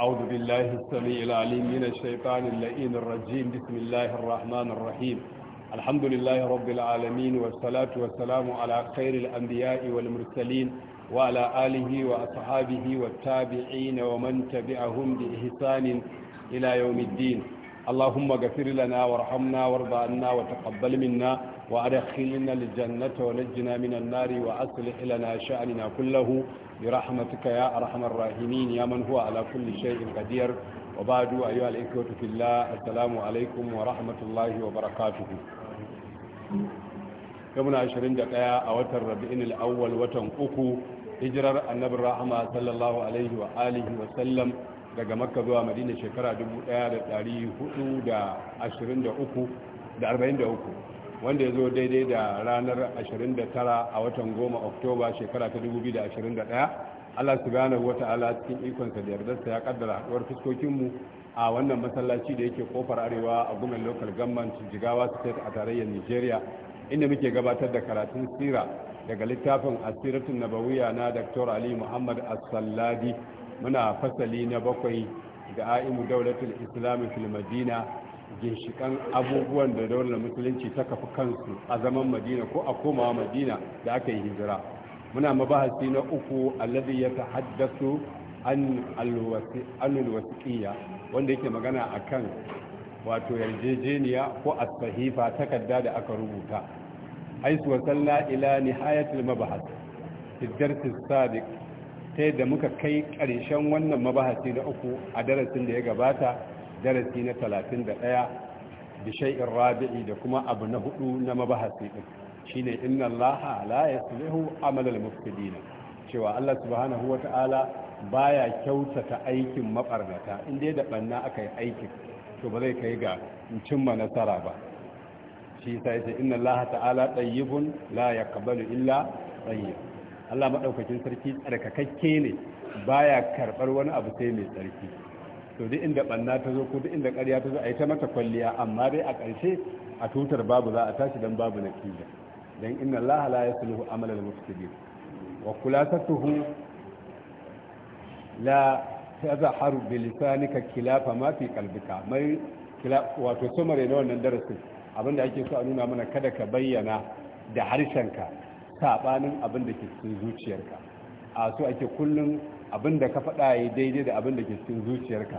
أعوذ بالله السميع العليم من الشيطان اللئيم الرجيم بسم الله الرحمن الرحيم الحمد لله رب العالمين والصلاة والسلام على خير الأنبياء والمرسلين وعلى آله وأصحابه والتابعين ومن تبعهم بإحسان إلى يوم الدين اللهم اغفر لنا وارحمنا وارض عنا وتقبل منا وأدخلنا الجنة ونجنا من النار وأصلح لنا شأننا كله برحمتك يا أرحم الراحمين يا من هو على كل شيء قدير وبعد أيها الإخوة في الله السلام عليكم ورحمة الله وبركاته يومنا عشرين دقيقة أوتر ربيعين الأول وتن أكو هجرر النبي الرحمة صلى الله عليه وآله وسلم daga makka zuwa madina shekara 1423 wanda ya zo daidai da ranar 29 a watan 10 oktoba shekara ta 2021 allah subhanahu wa ta'ala cikin ikonsa da yardarsa ya kaddara haduwar fuskokinmu a wannan masallaci da yake kofar arewa a gumen local government jigawa state a tarayyar nigeria inda muke gabatar da karatun sira daga littafin asiratun nabawiya na dr ali muhammad as-salladi muna fasali na bakwai da aimu daulatul islami fil madina ginshikan abubuwan da daular musulunci ta kafi kansu a zaman madina ko a komawa madina da aka yi hijira muna mabahasi na uku alladhi ya tahaddasu an alwasiƙiya wanda yake magana akan wato yarjejeniya ko asfahifa sahifa takarda da aka rubuta aisu wa salla ila nihayatil mabahas fi Sadiq, ta yadda muka kai ƙarshen wannan mabahasi na uku a darasin da ya gabata darasi na talatin 31 da shay'in rabi'i da kuma abu na hudu na mabahasi din shine inna allaha la yaslihu amal al mufsidin cewa Allah subhanahu wata'ala baya kyautata aikin mabarnata inda da banna aka yi aikin to ba zai kai ga cimma nasara ba shi sai sai inna Allah ta'ala tayyibun la yaqbalu illa tayyib Allah madaukakin sarki tsarkakakke ne baya karɓar wani abu sai mai tsarki to duk inda banna ta zo ko duk inda ƙarya ta zo a yi ta mata kwalliya amma dai a ƙarshe a tutar babu za a tashi dan babu natija don inna allaha la yasluhu amala al-mufsidin wa khulasatuhu la tazaharu bi lisanika khilafa ma fi qalbika mai wato sumare na wannan darasin abinda ake so a nuna mana kada ka bayyana da harshenka sabanin abin da ke cikin zuciyarka a so ake kullum abin da ka faɗa ya daidai da abin da ke cikin zuciyarka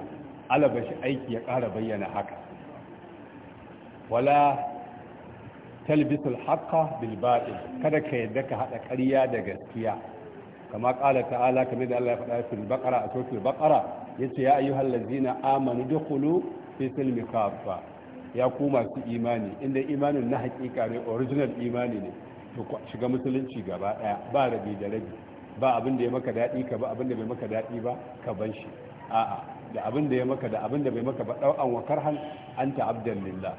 shi aiki ya ƙara bayyana haka wala talbisul haqqa bil batil kada ka yadda ka hada ƙarya da gaskiya kama qala ta'ala kamar da Allah ya faɗa fil baqara a suratul baqara yace ya ayyuhal ladzina amanu dukhulu fi silmi kaffa ya ku masu imani inda imanin na haƙiƙa ne original imani ne to shiga musulunci gaba daya ba rabi da rabi ba abin da ya maka daɗi ka ba abin da bai maka daɗi ba ka ban shi a'a da abin da ya maka da abin da bai maka ba ɗau'an wa karhan anta abdan lillah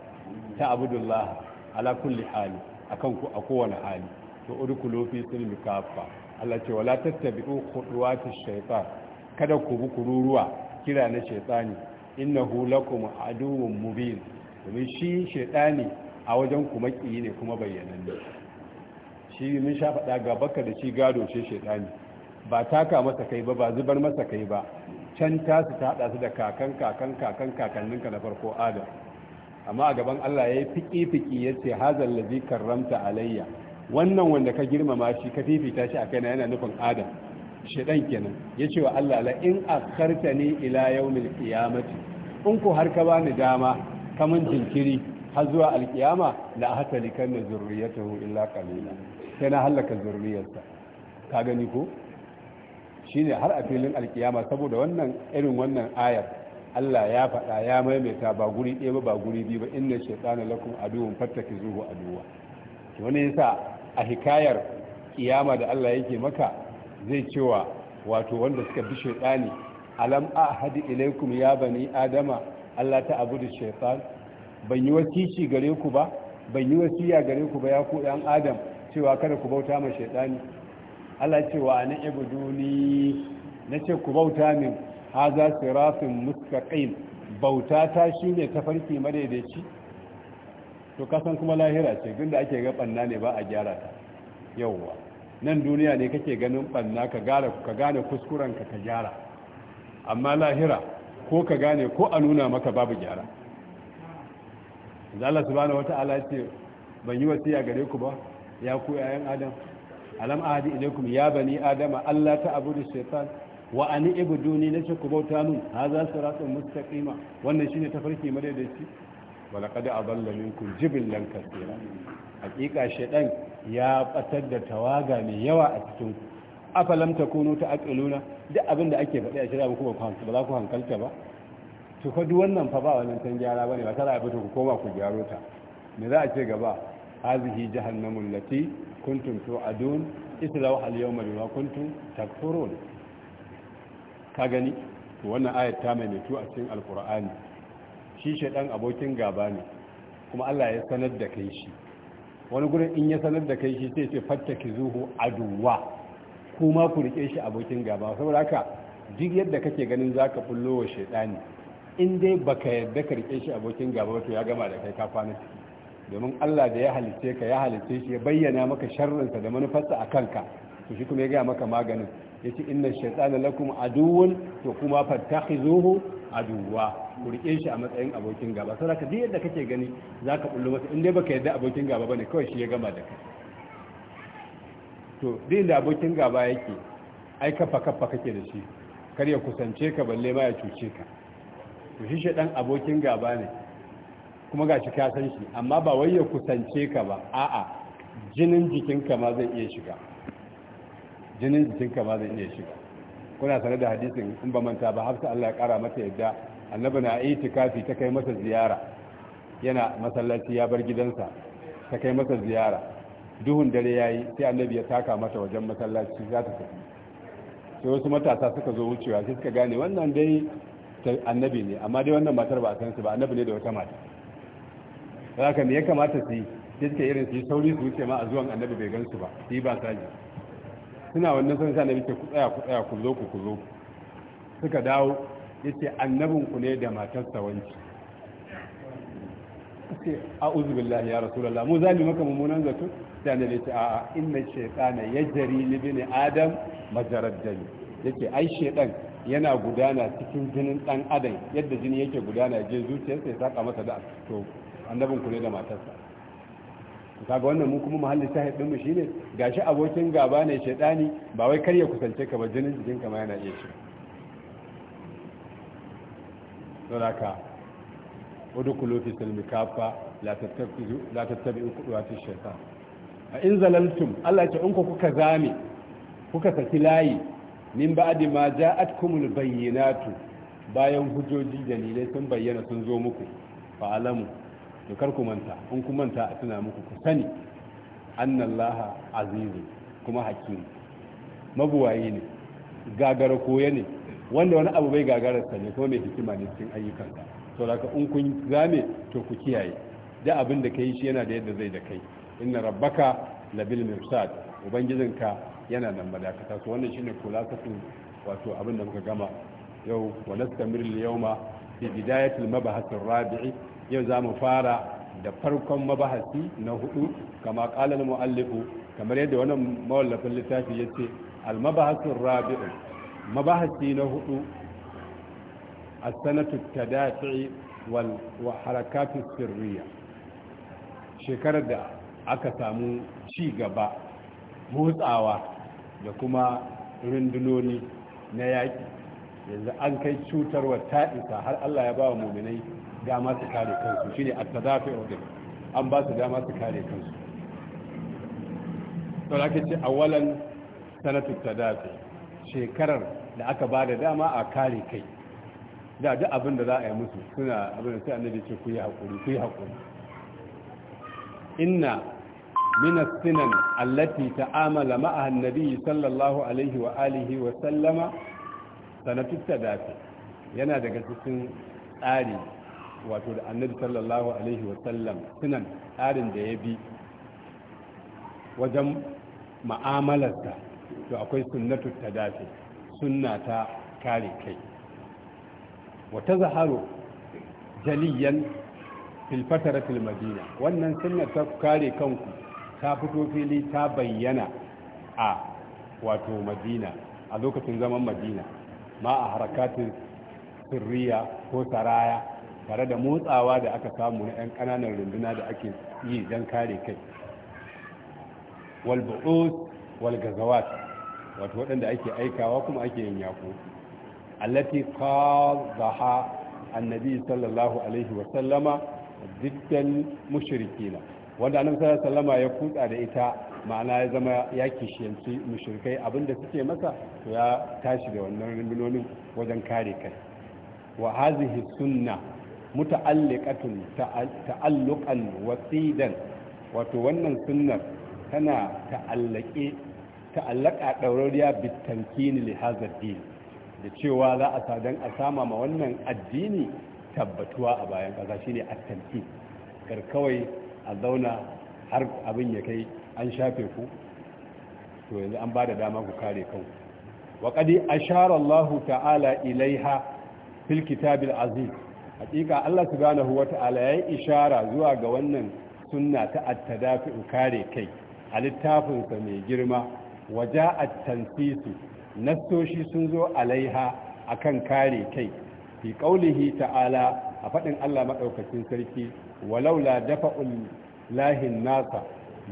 ta abdullah ala kulli hali akan ku a kowane hali to udkhulu fi silmi kafa Allah ce wala tattabi'u khutuwati shaytan kada ku bi kururuwa kira na shaytani innahu lakum aduwwun mubin domin shi shaytani a wajen ku makiyi ne kuma bayyananne shi mun sha faɗa ga baka da shi gado shi shaitani ba taka masa kai ba ba zubar masa kai ba can tasu ta haɗa su da kakan kakan kakan kakanninka na farko adam amma a gaban Allah ya yi fiki ya ce hazan lazi karramta alayya wannan wanda ka girmama shi ka fifita shi a kaina yana nufin adam shaɗan kenan ya ce wa Allah la in akarta ni ila yawmil qiyamati in ko har ka bani dama kaman jinkiri har zuwa alkiyama la hatalikan zurriyatahu illa qalila sai na hallaka zurriyarsa ka gani ko shine har a filin alkiyama saboda wannan irin wannan ayar Allah ya faɗa ya maimaita ba guri ɗaya ba ba guri biyu ba inna shaytana lakum aduwwun zuhu aduwwa to ne yasa a hikayar kiyama da Allah yake maka zai cewa wato wanda suka bi shaytani alam ahadi ilaikum ya bani adama Allah ta abudu shaytan ban yi wasici gare ku ba ban yi wasiya gare ku ba ya ku ɗan adam cewa kada ku bauta ma shaidani Allah cewa ana ibuduni na ce ku bauta min haza sirafin mustaqim bauta ta shine tafarki madaidaici to kasan kuma lahira ce gunda ake ga banna ne ba a gyara ta yawwa nan duniya ne kake ganin banna ka gara ka gane kuskuren ka ka gyara amma lahira ko ka gane ko a nuna maka babu gyara da Allah subhanahu wata'ala ce ban yi wasiya gare ku ba ya ku yayan adam alam ahadi ilaikum ya bani adama Allah ta abudu shaitan wa ani ibuduni ce ku bauta mun haza siratun mustaqima wannan shine tafarki madaidaici wala qad adalla minkum jibilan kaseera hakika shaitan ya batar da tawaga mai yawa a cikin ku afalam takunu ta'qiluna duk abin da ake faɗi a shirya ku ba ba za ku hankalta ba to fa duk wannan fa ba wannan tan gyara bane ba tara abin ku koma ku gyaro ta me za a ce gaba hazihi jahannamu allati kuntum tu'adun islawha al-yawma bima kuntum takfurun ka gani wannan ayat ta mai mutu a cikin alkur'ani shi shedan abokin gaba ne kuma Allah ya sanar da kai shi wani gurin in ya sanar da kai shi sai ce fattaki zuhu aduwa kuma ku rike shi abokin gaba saboda haka duk yadda kake ganin zaka bullo wa shedani in dai baka yadda ka rike shi abokin gaba to ya gama da kai ka kwana ciki domin Allah da ya halitte ka ya halitte shi ya bayyana maka sharrinsa da manufarsa a kanka to shi kuma ya gaya maka maganin ya ce inna shaitana lakum aduwun to kuma fattakhizuhu aduwa. ku rike shi a matsayin abokin gaba sai ka yadda kake gani zaka bullo masa in dai baka yadda abokin gaba bane kawai shi ya gama da kai to din da abokin gaba yake ai kafa kafa kake da shi kar ya kusance ka balle ma ya cuce ka to shi dan abokin gaba ne kuma ga shi san shi amma ba wai ya kusance ka ba a'a jinin jikinka ma zai iya shiga jinin jikinka ma zai iya shiga kuna sanar da hadisin in ba manta ba hafsa Allah ya kara mata yadda annabi na tikafi ta kai masa ziyara yana masallaci ya bar gidansa ta kai masa ziyara duhun dare yayi sai annabi ya taka mata wajen masallaci za ta tafi sai wasu matasa suka zo wucewa sai suka gane wannan dai annabi ne amma dai wannan matar ba a san su ba annabi ne da wata mata haka me ya kamata su yi sai suka irin su yi sauri su wuce ma a zuwan annabi bai gansu ba su yi ba saji suna wannan sun sa annabi ce ku tsaya ku tsaya ku zo ku suka dawo yace annabin ku ne da matarsa wanci sai a'udhu billahi ya rasulallah, mu zani maka mummunan zato da annabi ce a'a inna shaytana yajri li bani adam majarad dami yace ai shaytan yana gudana cikin jinin dan adam yadda jini yake gudana je zuciyarsa ya saka masa da to annabin ku ne da matarsa kaga wannan mu kuma mahallin shahid din mu shine gashi abokin gaba ne shedani ba wai kar ya kusance ka ba jinin jikin ka ma yana iya shi saboda udkhulu fi silmi kafa la tattabi'u la tattabi'u khutuwati shaytan a in zalaltum Allah ce in ku kuka zame kuka saki layi min ba'di ma ja'atkumul bayyinatu bayan hujoji dalilai sun bayyana sun zo muku fa alamu to kar ku manta in ku manta a tuna muku ku sani annallaha azizu kuma hakimi. mabuwayi ne gagara koya ne wanda wani abu bai gagararsa ne kuma mai hikima ne cikin ayyukansa to da in kun zame to ku kiyaye da abin da kai shi yana da yadda zai da kai inna rabbaka labil mirsad ubangijinka yana nan madakata to wannan shine kula ka su wato abin da muka gama yau wa nastamir al yawma fi bidayatil mabahath ar-rabi'i yau za mu fara da farkon mabahasi na hudu kama kalar mu'allifu kamar yadda wannan mawallafin littafi ya ce almabahasin rabi'u mabahasi na hudu a sanatu tadafi wal harakatun sirriya shekarar da aka samu ci gaba motsawa da kuma rundunoni na yaƙi yanzu an kai cutarwa ta isa har allah ya ba wa muminai dama su kare kansu shi ne shine at-tadafi din an ba su dama su kare kansu to da ce walan sanatu ta tadafi shekarar da aka ba da dama a kare kai da duk abin da za a yi musu suna abin da sai annabi ce ku yi haƙuri ku yi haƙuri. inna min sinan allati ta'amala ma'aha an-nabi sallallahu alaihi wa alihi wa sallama sanatu ta tadafi yana daga cikin tsari wato da annabi sallallahu alaihi wasallam sunan tsarin da ya bi wajen ma'amalarsa to akwai sunnatu ta dafe sunna ta kare kai wata zaharo jaliyan filfatara filmadina wannan sunna ta kare kanku ta fito fili ta bayyana a wato madina a lokacin zaman madina ma a harakatin sirriya ko saraya tare da motsawa da aka samu na 'yan ƙananan runduna da ake yi don kare kai walba'us walgazawat wato waɗanda ake aikawa kuma ake yin yaƙo allati qadha annabi sallallahu alaihi wa sallama mushrikina wanda annabi sallallahu alaihi wasallama ya kutsa da ita ma'ana ya zama ya kishiyanci mushrikai abinda suke masa to ya tashi da wannan rundunonin wajen kare kai wa hazihi sunna muta'alliqatun ta'alluqan wasidan wato wannan sunnar tana ta'allake ta'allaka daurariya bitankin li hadha da cewa za a sadan a sama ma wannan addini tabbatuwa a bayan kasa shine at-tanfi kar kawai a zauna har abin ya kai an shafe ku to yanzu an bada dama ku kare kanku wa qad ashara Allah ta'ala ilaiha fil kitabil aziz hakika Allah subhanahu wata'ala ya ishara zuwa ga wannan sunna ta at kare kai a littafinsa mai girma waja at-tansisu nassoshi sun zo alaiha akan kare kai fi qaulihi ta'ala a fadin Allah madaukakin sarki walaula dafa'ul lahin nasa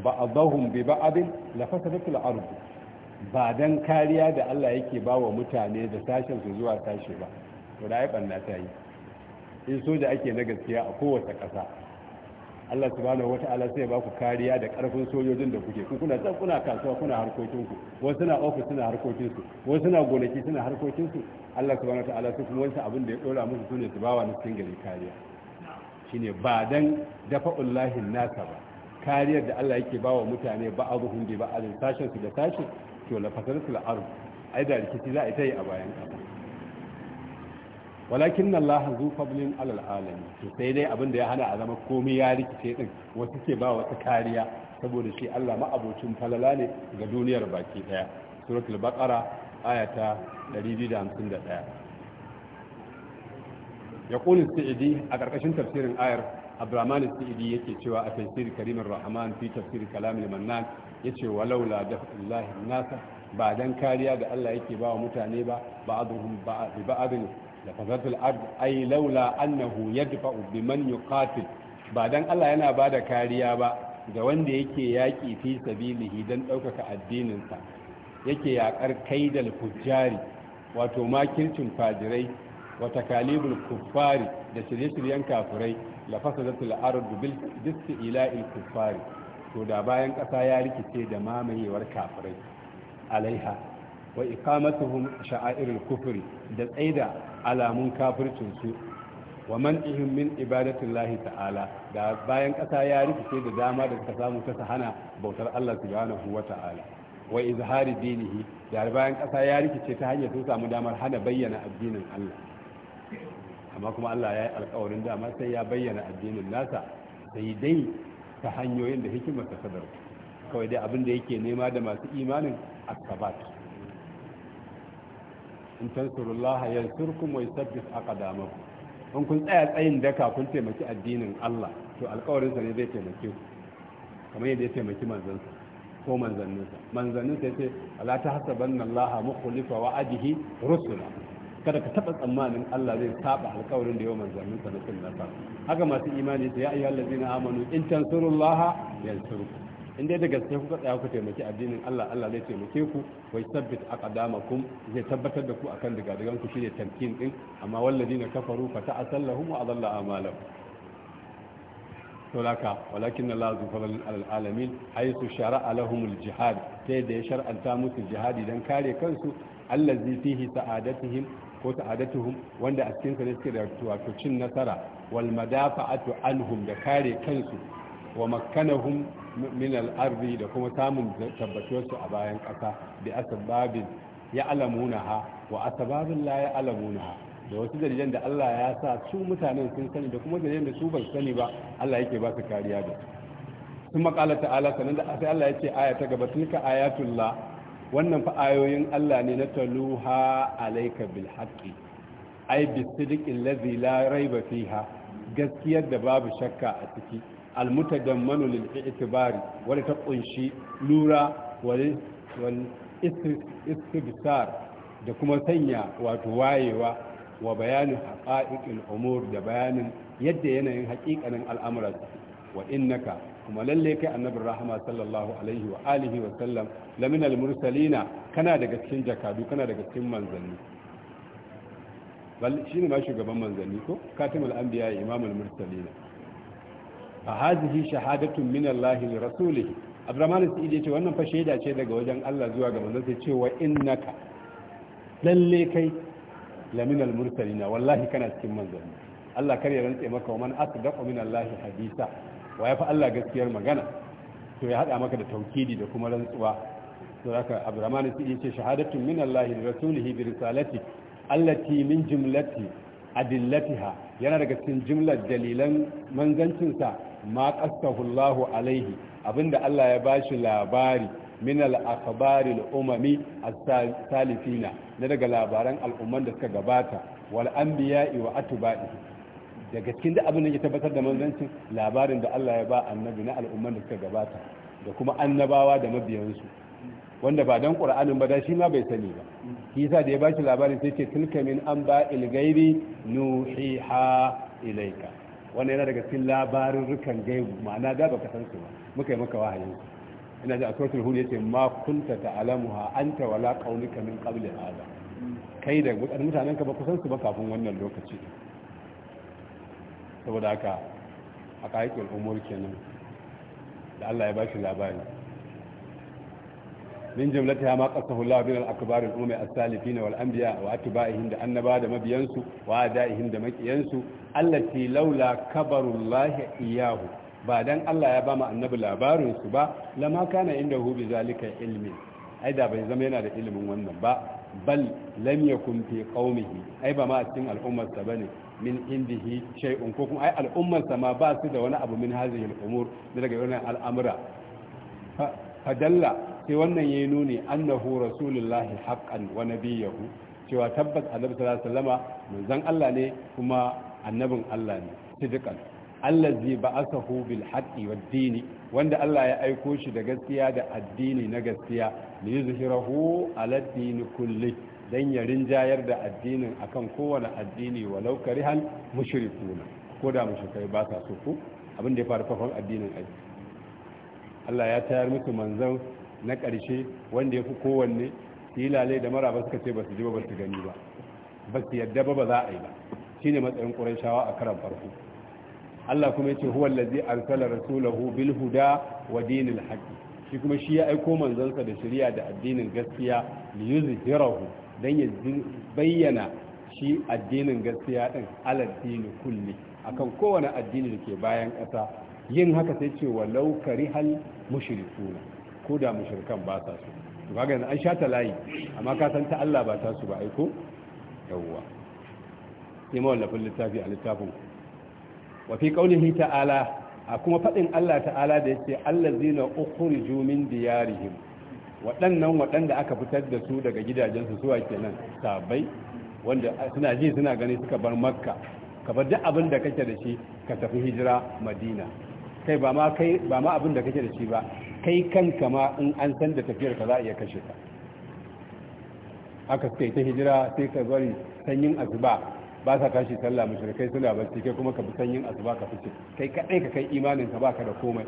ba'dahum bi ba'd la fasadatul ardh ba dan kariya da Allah yake bawa mutane da sashen su zuwa sashi ba to da banna ta yi in soja ake na gaskiya a kowace ƙasa Allah subhanahu wata'ala sai ba ku kariya da ƙarfin sojojin da kuke ku kuna san kuna kasuwa kuna harkokin ku wasu na ofis suna harkokin su wasu na gonaki suna harkokin su Allah subhanahu wata'ala sai kuma wani abin da ya dora musu sune su bawa na cikin gari kariya shine ba dan dafa'ullahi nasa ba kariyar da Allah yake bawa mutane ba azuhun hunde ba azin sashen su da sashen, to la fasalatul a ai da rikici za a yi ta yi a bayan kafa. walakin na Allah zu fablin alal alami sai dai abinda ya hana azama komai ya rikice din wasu ke ba wata kariya saboda shi Allah ma'abocin falala ne ga duniyar baki ɗaya suratul baqara ayata 251 yaqulu sa'idi a karkashin tafsirin ayar Abdurrahman Sa'idi yake cewa a tafsir Karimur Rahman fi tafsir Kalam al ya yace walau la dafullahi nasa ba dan kariya da Allah yake ba wa mutane ba ba'aduhum ba'adin da fasatul ard ay laula annahu yadfa'u biman yuqatil ba dan Allah yana bada kariya ba ga wanda yake yaki fi sabilihi dan daukaka addinin sa yake yakar kaidal fujjari wato makircin fajirai wa takalibul kuffari da shirye-shiryen kafirai la fasadatul ard bil istila'il kuffari to da bayan kasa ya rikice da mamayewar kafirai alaiha wa iqamatuhum sha'airul kufri da tsaida alamun kafircinsu wa man'ihim min ibadatillahi ta'ala da bayan ƙasa ya rikice da dama da suka samu ta hana bautar Allah subhanahu wa ta'ala wa izhari dinihi da bayan ƙasa ya rikice ta hanyar sun samu damar hana bayyana addinin Allah amma kuma Allah ya yi alƙawarin dama sai ya bayyana addinin nasa sai dai ta hanyoyin da hikimar ta sadar kawai dai abin da yake nema da masu imanin asabat in tansurullaha yansurkum wa yusabbis aqdamakum in kun tsaya tsayin daka kun taimaki addinin Allah to alƙawarin sa ne zai taimake ku kamar yadda ya taimaki manzon sa ko manzannin sa manzannin sa yace ala tahsabanna Allah mukhlifa wa'adihi rusula kada ka taba tsammanin Allah zai saba alƙawarin da yau manzannin sa na sunna haka masu imani ya ayyuhallazina amanu in tansurullaha yansurkum in dai da gaske kuka tsaya ku taimaki addinin Allah Allah zai taimake ku wai sabbit aqdamakum zai tabbatar da ku akan daga dagan ku shine tamkin din amma walladina kafaru fa ta'asallahum wa adalla amalahum to laka walakin Allah zu fadl al alamin shara'a lahum jihad sai da ya shar'anta musu jihadi dan kare kansu allazi fihi sa'adatuhum ko sa'adatuhum wanda a cikin sa ne suke da wato cin nasara wal madafa'atu anhum da kare kansu wa makkanahum min al da kuma samun tabbatuwar a bayan ƙasa bi asbabin ha wa asbabin la ya'lamunaha da wasu dalilan da Allah ya sa su mutanen sun sani da kuma dalilan da su ban sani ba Allah yake ba su kariya da sun maƙala ta'ala sannan da sai Allah ya aya ta gaba tilka ayatullah wannan fa ayoyin Allah ne na taluha alayka bil haqqi ai bi sidqi la raiba fiha gaskiyar da babu shakka a ciki almutadammanu lil i'tibari wani ta kunshi lura wal istibsar da kuma sanya wato wayewa wa bayanin haqa'iqil umur da bayanin yadda yanayin hakikanin al'amuran wa innaka kuma lalle kai Annabi rahama sallallahu alaihi wa alihi wa sallam lamin al kana daga cikin jakadu kana daga cikin manzanni bal shine ma shugaban manzanni ko katimul anbiya imamul mursalina fa hadhihi shahadatun min Allah li rasulih Abdurrahman ya yace wannan fa sheda ce daga wajen Allah zuwa ga manzo sai cewa innaka lalle kai lamin al-mursalina wallahi kana cikin manzanni Allah kar ya rantse maka man asdaqu min Allah hadisa wa ya fa Allah gaskiyar magana to ya hada maka da tawkidi da kuma rantsuwa to haka Abdurrahman Sa'id yace shahadatun min Allah li rasulih bi risalati allati min jumlati adillatiha yana daga cikin jimlar dalilan manzancinsa ma qassahu alaihi abinda Allah ya bashi labari min al-akhbari al-umami as-salifina na daga labaran al'umman da suka gabata wal anbiya'i wa atba'i daga cikin da abin da ya tabbatar da manzancin labarin da Allah ya ba annabi na al'umman da suka gabata da kuma annabawa da mabiyansu wanda ba dan qur'anin ba da shi ma bai sani ba kisa da ya bashi labarin sai ce tilka min an anba'il ilgairi nuhiha ilaika. wannan yana daga cikin labarin rukan gaibu ma'ana da baka san su ba muka yi maka wahayin ina ji a suratul ne yace ma kunta an anta wala qaumika min qabli hada kai da mutanen ka ba ku san su ba kafin wannan lokaci saboda haka a kayakin umar kenan da Allah ya bashi labari min jumlatiha ma qasahu Allah min al-akbar al-ummi as-salifin wal anbiya wa atba'ihim da annaba da mabiyansu wa da'ihim da makiyansu allati laula kabarullahi iyahu ba dan Allah ya ba mu annabi labarin su ba lama kana indahu bi zalika ilmi ai da bai zama yana da ilimin wannan ba bal lam yakun fi qaumihi ai ba ma a al'ummar al'ummarsa bane min indihi shay'un ko kuma ai al'ummarsa ma ba su da wani abu min hazihi al'umur daga wannan al'amura fadalla sai wannan ya yi nuni annahu rasulullahi haƙan wa nabiyahu cewa tabbas annabi sallallahu alaihi wasallama manzon Allah ne kuma annabin Allah ne ba allazi ba'athahu bil haqqi wad dini wanda Allah ya aiko shi da gaskiya da addini na gaskiya li yuzhirahu ala dini kulli dan ya rinjayar da addinin akan kowane addini walau karihan mushrikuna ko da mushrikai ba sa so ku abin da ya faru addinin ai Allah ya tayar musu manzon na ƙarshe wanda ya fi kowanne lalai da ba suka ce ba su ji ba su gani ba ba su yadda ba ba za a yi ba shine matsayin shawa a karan farko Allah kuma ya ce huwa allazi arsala rasulahu bil huda wa dinil haqqi shi kuma shi ya aiko manzansa da shari'a da addinin gaskiya li yuzhirahu dan ya bayyana shi addinin gaskiya din ala dini kulli akan kowane addini da ke bayan ƙasa yin haka sai ce walau karihal mushrikuna ko da mushrikan ba ta su to kaga yanzu an shata layi amma ka san ta Allah ba ta su ba aiko yawwa sai mawallafin littafi a littafin wa fi qaulihi ta'ala a kuma fadin Allah ta'ala da yake allazina ukhriju min diyarihim waɗannan waɗanda aka fitar da su daga gidajensu suwa kenan sabai wanda suna ji suna gani suka bar makka ka bar duk abin da kake da shi ka tafi hijira madina kai ba ma kai ba ma abin da kake da shi ba kai kanka ma in an san da tafiyar ka za a iya kashe ka aka sai ta hijira sai ka bari sanyin asuba ba sa tashi sallah mushrikai suna bacci kai kuma ka bi sanyin asuba ka fice kai kadai ka kai imanin ka baka da komai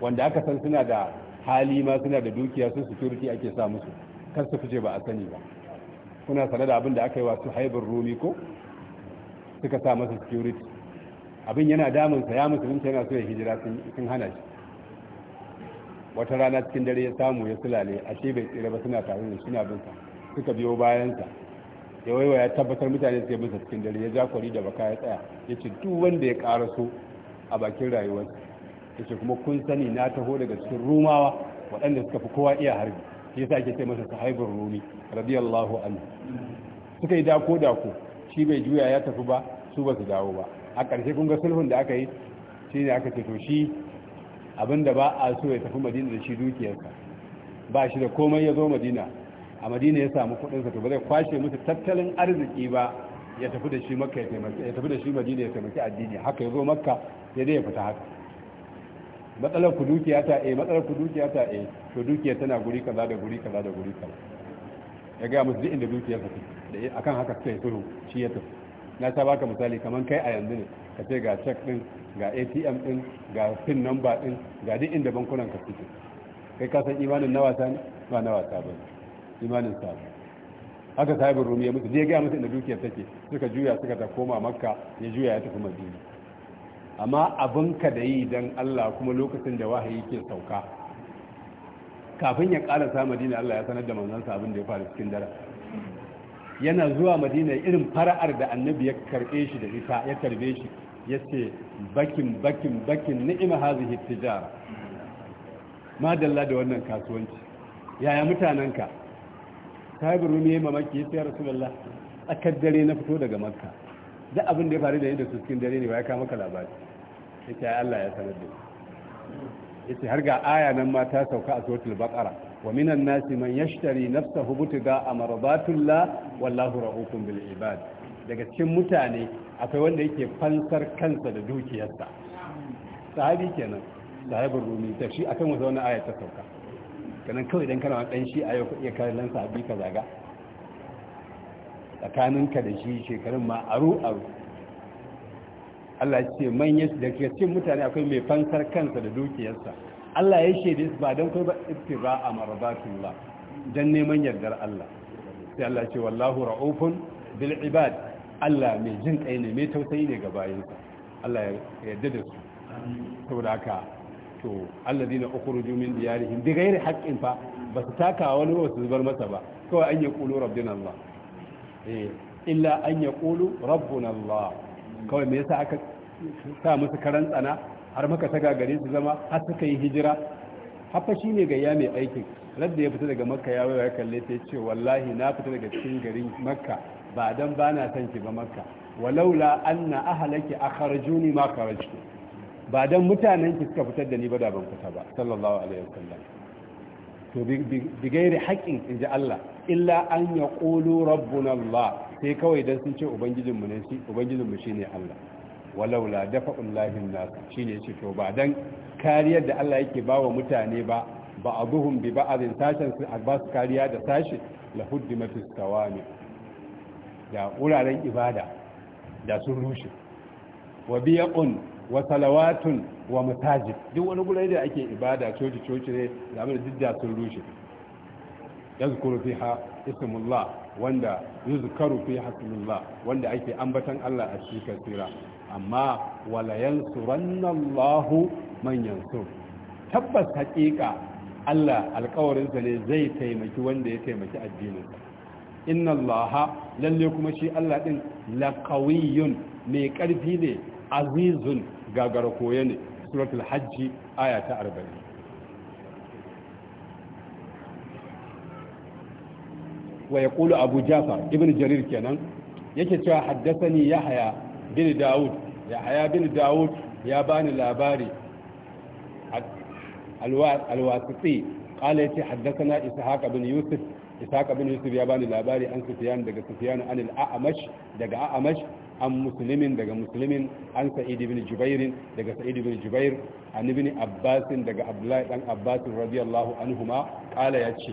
wanda aka san suna da hali ma suna da dukiya su security ake sa musu kar su fice ba a sani ba kuna sanar da abin da aka yi wa su haibar rumi ko suka sa masa security abin yana damunsa ya musulunci yana so ya hijira sun hana shi wata rana cikin dare ya samu ya sulale ashe bai tsira ba suna tare da suna binsa suka biyo bayansa ya waiwa ya tabbatar mutane suke binsa cikin dare ya ja da baka ya tsaya ya ce duk wanda ya ƙara so a bakin rayuwar ya ce kuma kun sani na taho daga cikin rumawa waɗanda suka fi kowa iya harbi shi yasa ake ce masa sahibin rumi radiyallahu anhu suka yi dako dako shi bai juya ya tafi ba su ba su dawo ba a ƙarshe kun ga sulhun da aka yi shi ne aka ce to shi abinda ba a so ya tafi madina da shi dukiyarsa ba shi da komai ya zo madina a madina ya samu kudinsa to ba zai kwashe musu tattalin arziki ba ya tafi da shi makka ya taimaki ya tafi da shi madina ya taimaki addini haka ya zo makka ya zai ya fita haka matsalar ku dukiya ta eh matsalar ku dukiya ta eh to dukiya tana guri kaza da guri kaza da guri kaza ya ga musu duk inda dukiyar ta da akan haka sai tafi shi ya tafi na ta baka misali kaman kai a yanzu ne ka ce ga check din ga atm din ga pin number din ga duk inda bankunan ka suke kai ka san imanin na wasa ne ba na wasa ba imanin sa haka sahibin rumi ya mutu je gaya musu inda dukiyar take suka juya suka ta koma makka ya juya ya tafi madina amma ka da yi dan allah kuma lokacin da wahayi ke sauka kafin ya sa madina allah ya sanar da sa abin da ya faru cikin dare yana zuwa madina irin fara'ar da annabi ya karbe shi da ita ya karbe shi yace bakin bakin bakin ni'ima hazihi tijara dalla da wannan kasuwanci yaya mutanenka sabir rumi ya mamaki ya rasulullah tsakar dare na fito daga makka da abin da ya faru da yadda su cikin dare ne ba ya kama ka labari yace ya Allah ya sanar da yace har ga aya nan ma ta sauka a suratul baqara wa minan nasi man yashtari nafsahu butiga amradatullah wallahu ra'ufun bil ibad daga cikin mutane akwai wanda yake fansar kansa da dukiyarsa sahabi kenan sahabin rumi ta shi akan wasu wani ayat ta sauka kanan kawai idan kana dan shi ayo iya kallon sahabi ka zaga tsakaninka da shi shekarun ma aru aru Allah ya ce manyan da ke cin mutane akwai mai fansar kansa da dukiyarsa Allah ya shaide su ba don kai ba ittira a marabatullah dan neman yardar Allah sai Allah ce wallahu ra'ufun bil ibad Allah mai jin kai ne mai tausayi ne ga bayinsa Allah ya yarda da su saboda haka to alladina ukhruju min diyarihim bi ghairi haqqin fa ba su taka wani ba su zubar masa ba kawai an yaqulu rabbina Allah eh illa an yaqulu rabbuna Allah kawai me yasa aka sa musu karan tsana har maka ta gagare su zama har suka yi hijira hafa shi ne gayya mai aikin radda ya fita daga makka ya ya kalle ta ce wallahi na fita daga cikin garin makka ba dan ba na son ki ba makka walaula anna ahlaki akharjuni ma kharajtu ba dan mutanen ki suka fitar da ni ba da ban fita ba sallallahu alaihi wasallam to bi gairi in ji Allah illa an ya ƙolo rabbun Allah sai kawai don sun ce ubangijinmu ne shi ubangijin mu shine Allah walaula dafa ullahin nasu shine shi to ba don kariyar da Allah yake ba wa mutane ba ba a bi ba'azin sashen su a basu kariya da sashi la huddimatu tawani da wuraren ibada da sun rushe wa biyaqun wa salawatun wa mutajib duk wani gure da ake ibada coci coci ne da mun didda sun rushe yazkuru fiha ismullah wanda yuzkaru fiha ismullah wanda ake ambatan Allah a cikin sura amma wala Allah man yansur tabbas haƙiƙa Allah alƙawarin sa ne zai taimaki wanda ya taimaki addininsa inna allaha lalle kuma shi Allah din laqawiyun mai karfi ne azizun gagara koye ne suratul hajji aya ta 40 wa yaqulu abu jafar ibnu jarir kenan yake cewa haddathani yahya bin daud yahya bin daud ya bani labari alwasiti قال يتي حدثنا إسحاق بن Yusuf. ishaq bin yusuf ya bani labari an sufyan daga sufyan an al-a'mash daga a'mash an muslimin daga muslimin an sa'id ibn jubair daga sa'id ibn jubair an ibn abbas daga abdullahi dan abbas radiyallahu anhuma qala yace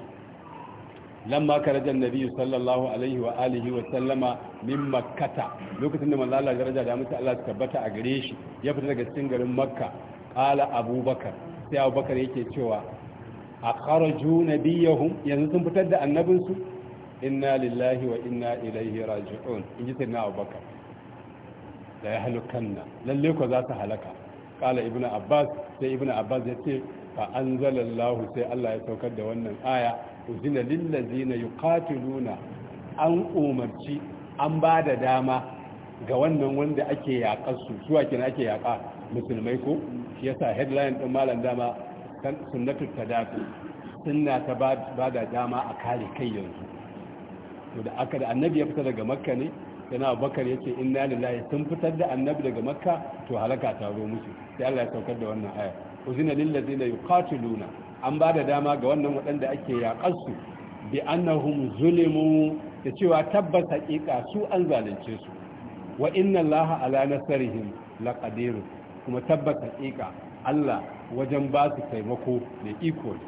lamma karaja annabi sallallahu alaihi wa alihi wa sallama min makkata lokacin da manzo Allah daraja da mutu Allah tabbata a gare shi ya fita daga cikin garin makka qala abubakar sai abubakar yake cewa a akharaju nabiyahum yanzu sun fitar da annabinsu inna lillahi wa inna ilaihi raji'un in ji sayyidina abubakar da ya halukanna lalle ko za su halaka kala ibnu abbas sai ibnu abbas ya ce fa anzalallahu sai Allah ya saukar da wannan aya uzina lillazina yuqatiluna an umarci an ba da dama ga wannan wanda ake yaƙar su suwa kina ake yaƙa musulmai ko shi yasa headline din malam dama sunnatu tadafi sunna ta ba da dama a kare kai yanzu to da aka da annabi ya fita daga makka ne yana abubakar ya ce inna lillahi sun fitar da annabi daga makka to halaka ta zo musu sai Allah ya saukar da wannan aya uzina lil ladina yuqatiluna an ba da dama ga wannan waɗanda ake yaƙar su bi annahum zulimu da cewa tabbas haƙiƙa su an zalunce su wa inna allaha ala nasarihim laqadir kuma tabbas haƙiƙa Allah wajen ba su taimako da iko ne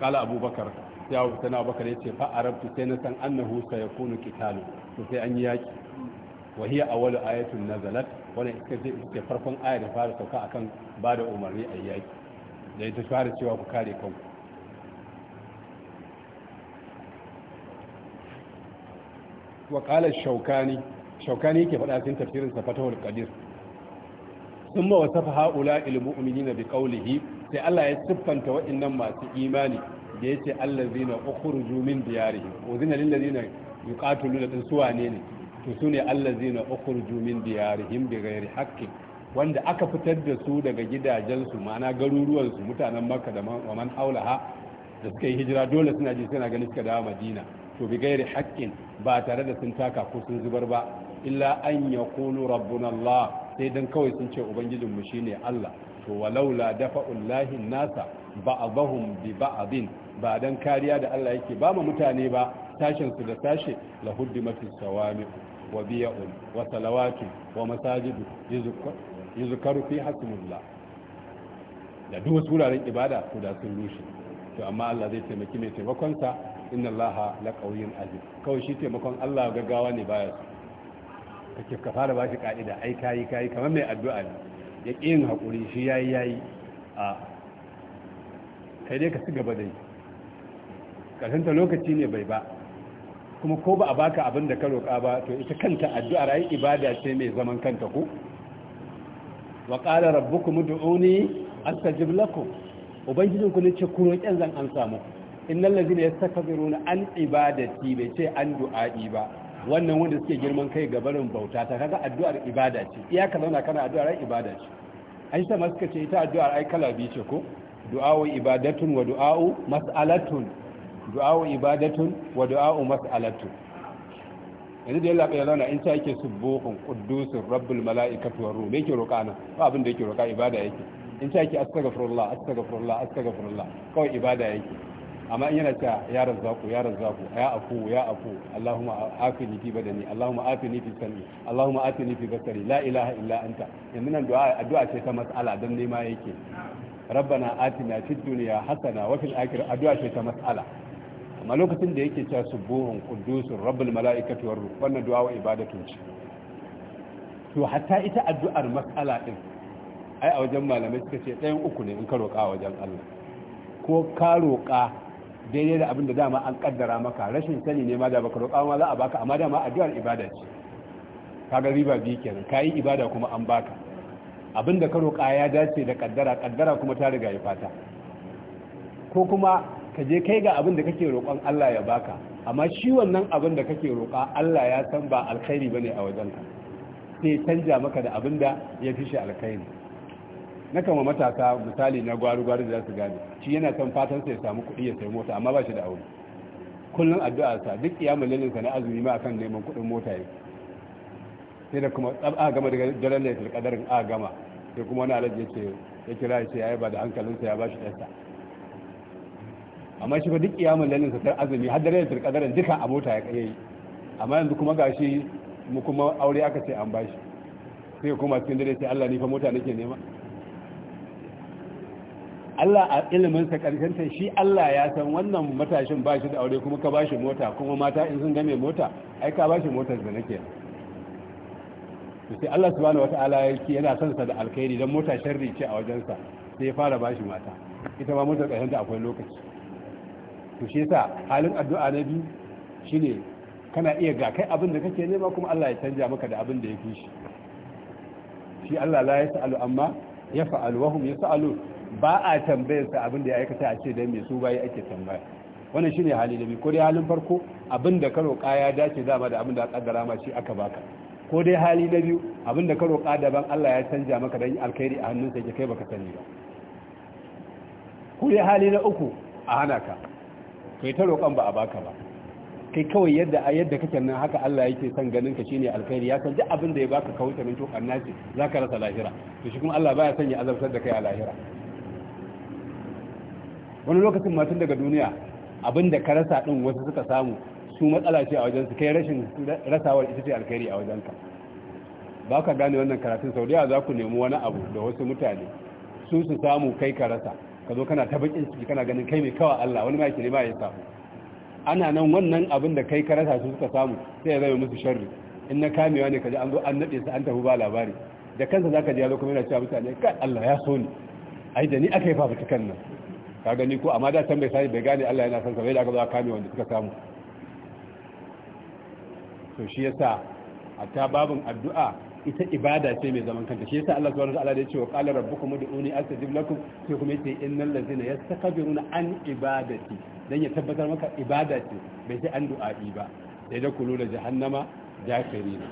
kala abubakar sai abu sana abubakar ya ce fa rabtu sai na san annahu sayakunu qitalu to sai an yi yaki wa hiya awwalu ayatun nazalat wani iska ce ita farkon aya da fara sauka akan ba da umarni a yaki da ita fara cewa ku kare kanku wa qala shaukani shaukani yake faɗa sun tafsirin safatawar qadir ha'ula وصف هؤلاء bi بقوله sai Allah ya siffanta waɗannan masu imani da yace allazina ukhruju min diyarihim uzina lil ladina yuqatiluna din suwa ne ne to sune zina ukhruju min diyarihim ghairi haqqi wanda aka fitar da su daga gidajensu ma'ana garuruwansu mutanen makka da man aulaha da suka yi hijira dole suna ji suna ganin suka dawo madina to bi ghairi haƙƙin ba tare da sun taka ko sun zubar ba illa an yaqulu rabbuna allah sai dan kawai sun ce ubangijinmu shine Allah to walaula lahin nasa ba'dhum bi ba'din ba dan kariya da Allah yake ba mu mutane ba tashin su da tashi la huddimatu sawami wa biya'un wa salawatu wa masajidu yuzkaru fi hasmullah da duk wasu wuraren ibada to da sun rushe to amma Allah zai taimaki mai taimakon sa inna allaha la qawiyyun aziz kawai shi taimakon Allah gaggawa ne baya su kake ka fara ba shi ka'ida ai kayi kayi kamar mai addu'a ne ya ƙi yin haƙuri shi yayi yayi a kai dai ka ci gaba da yi ta lokaci ne bai ba kuma ko ba a baka abin da ka roƙa ba to ita kanta addu'ar ai ibada ce mai zaman kanta ku wa qala rabbukum ud'uni astajib lakum ku ne ce ku roƙen zan an samu innal ladina yastakbiruna an ibadati bai ce an du'a'i ba wannan wanda suke girman kai barin bauta ta kaga addu'ar ibada ce iya ka zauna kana addu'ar ai ibada ce ai sama suka ce ita addu'ar ai kala biyu ce ko du'a'u ibadatun wa du'a'u mas'alatun du'a'u ibadatun wa du'a'u mas'alatun yanzu da yalla ya zauna in ta yake subuhun quddusur rabbul mala'ikatu war ruh me yake roƙa nan ba abin da yake roƙa ibada yake in ta yake astaghfirullah astaghfirullah astaghfirullah kawai ibada yake amma in yana cewa ya razzaku ya razzaku ya afu ya afu Allahumma afini fi badani Allahumma afini fi sami Allahumma afini fi basari la ilaha illa anta yanzu nan du'a addu'a ce ta mas'ala dan nema yake rabbana atina fid dunya hasana wa fil akhirati addu'a ce ta mas'ala amma lokacin da yake cewa subuhun quddusur rabbul malaikati war ruh wannan du'a wa ibadatun ce to hatta ita addu'ar mas'ala din ai a wajen malamai suka ce ɗayan uku ne in ka roƙa wajen Allah ko ka roƙa daidai da abin da dama an kaddara maka rashin sani ne ma da baka roƙa ma za a baka amma dama addu'ar ibada ce kaga riba biyu kenan kayi ibada kuma an baka abin da ka roƙa ya dace da kaddara kaddara kuma ta riga ya fata ko kuma ka je kai ga abin da kake roƙon Allah ya baka amma shi wannan abin da kake roƙa Allah ya san ba alkhairi bane a wajenka sai canja maka da abin da ya fi shi alkhairi na kama matasa misali na gwaru-gwaru da su gane shi yana son fatan sai samu kuɗi ya sai mota amma ba shi da aure kullum addu'a sa duk iyamun lalin sa na azumi ma akan neman kuɗin mota yake sai da kuma a gama daga daren laitar kadarin a gama sai kuma wani alaji yake ya kira shi ya yi ba da hankalinsa ya ba shi ɗansa amma shi ba duk iyamun lalin sa tar azumi har daren laitar kadarin duka a mota ya yi amma yanzu kuma gashi mu kuma aure aka ce an bashi sai kuma cikin dare sai Allah ni fa mota nake nema Allah a iliminsa karshenta shi Allah ya san wannan matashin ba shi da aure kuma ka ba shi mota kuma mata in sun game mota ai ka ba shi motar da nake sai Allah subhanahu wata'ala yana son sa da alkhairi dan mota sharri ce a sa sai ya fara ba shi mata ita ma motar ta akwai lokaci to shi yasa halin addu'a na biyu shine kana iya ga kai abin da kake nema kuma Allah ya canja maka da abin da ya shi shi Allah la yas'alu amma yaf'alu wa hum yas'alun ba a tambayar sa abin da ya aikata a ce dan me su bai ake tambaya wannan shine hali da bi ko dai halin farko abin da ka roƙa ya dace dama da abin da aka kaddara ma shi aka baka ko dai hali na biyu abin da ka roƙa daban Allah ya canja maka dan alkhairi a hannunsa ke kai baka sani ba ko dai hali na uku a hana ka kai ta roƙon ba a baka ba kai kawai yadda a yadda kake nan haka Allah yake son ganin ka shine alkhairi ya san duk abin da ya baka kawai nan to annaci zaka rasa lahira to shi kuma Allah baya son ya azabtar da kai a lahira wani lokacin matan daga duniya abin da ka rasa ɗin wasu suka samu su matsala ce a wajensu kai rashin rasawar ita ce alkhairi a wajenka ba ka gane wannan karatun sau da za ku nemi wani abu da wasu mutane su su samu kai ka rasa ka zo kana ta ciki kana ganin kai mai kawa Allah wani ma yake ya samu ana nan wannan abin da kai ka rasa su suka samu sai ya zama musu sharri in na kamewa ne kaji an zo an naɗe su an tafi ba labari da kansa za ka ji ya zo kuma yana cewa mutane kai Allah ya so ni ai da ni aka yi fafutukan nan ka gani ko amma da can bai bai gane Allah yana san sa bai da aka a kame wanda suka samu to shi yasa a ta addu'a ita ibada ce mai zaman kanta shi yasa Allah subhanahu wa da ya ce wa qala rabbukum ud'uni astajib lakum sai kuma yace innal ladzina yastakbiruna an ibadati dan ya tabbatar maka ibada ce bai sai an du'a'i ba sai da kulu da jahannama jakirina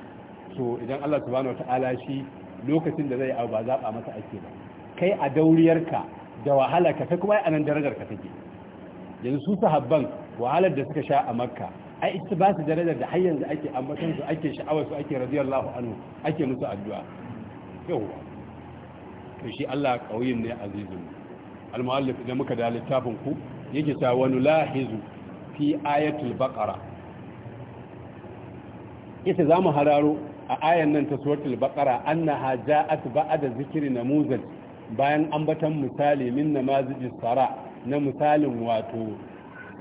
to idan Allah subhanahu ta'ala shi lokacin da zai abu ba zaba masa ake ba kai a dauriyarka da wahala ka kai kuma a nan darajar ka take yanzu su sahabban wahalar da suka sha a makka ai ita ba su darajar da har yanzu ake ambatan su ake sha'awar su ake radiyallahu anhu ake musu addu'a yawa to shi Allah kauyin ne azizun al-muallif idan muka da littafin ku yake ta wani lahizu fi ayatul baqara ita zamu hararo a ayan nan ta suratul baqara annaha ja'at ba'da zikri namuzati bayan ambatan misali min namazijis sara na misalin wato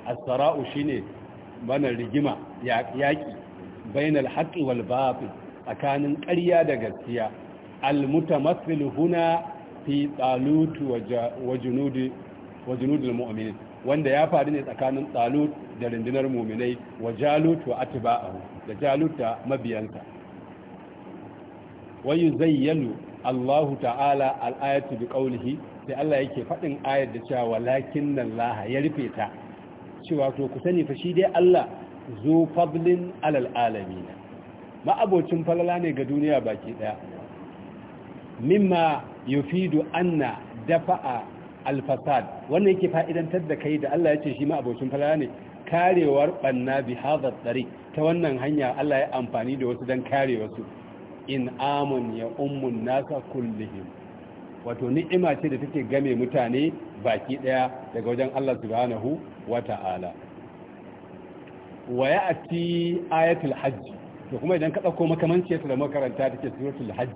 as-sara'u shine bana rigima yaƙi bainal haqqi wal batil tsakanin ƙarya da gaskiya al-mutamassil huna fi talut wa junudi wa wanda ya faru ne tsakanin talut da rundunar mu'minai wa jalut wa atba'ahu da jalut da mabiyansa zai Allahu ta'ala al'ayatu bi ƙaunihi sai Allah yake faɗin ayar da cewa walakinna Allah ya rufe ta cewa to ku sani fa shi dai Allah zo fadlin alal'alami na. ma'abocin falala ne ga duniya baki ɗaya. mimma yufidu anna dafa a alfasad wannan yake fa'idantar da kai da Allah ya ce shi ma'abocin falala ne karewar ɓanna bi hadha tariq ta wannan hanya Allah ya amfani da wasu dan kare wasu in amun ya ummun nasa kullihim wato ni'ima ce da take game mutane baki daya daga wajen Allah subhanahu wata'ala wa ya'ti ayatul hajj to kuma idan ka dauko makamanciyarta da makaranta take suratul hajj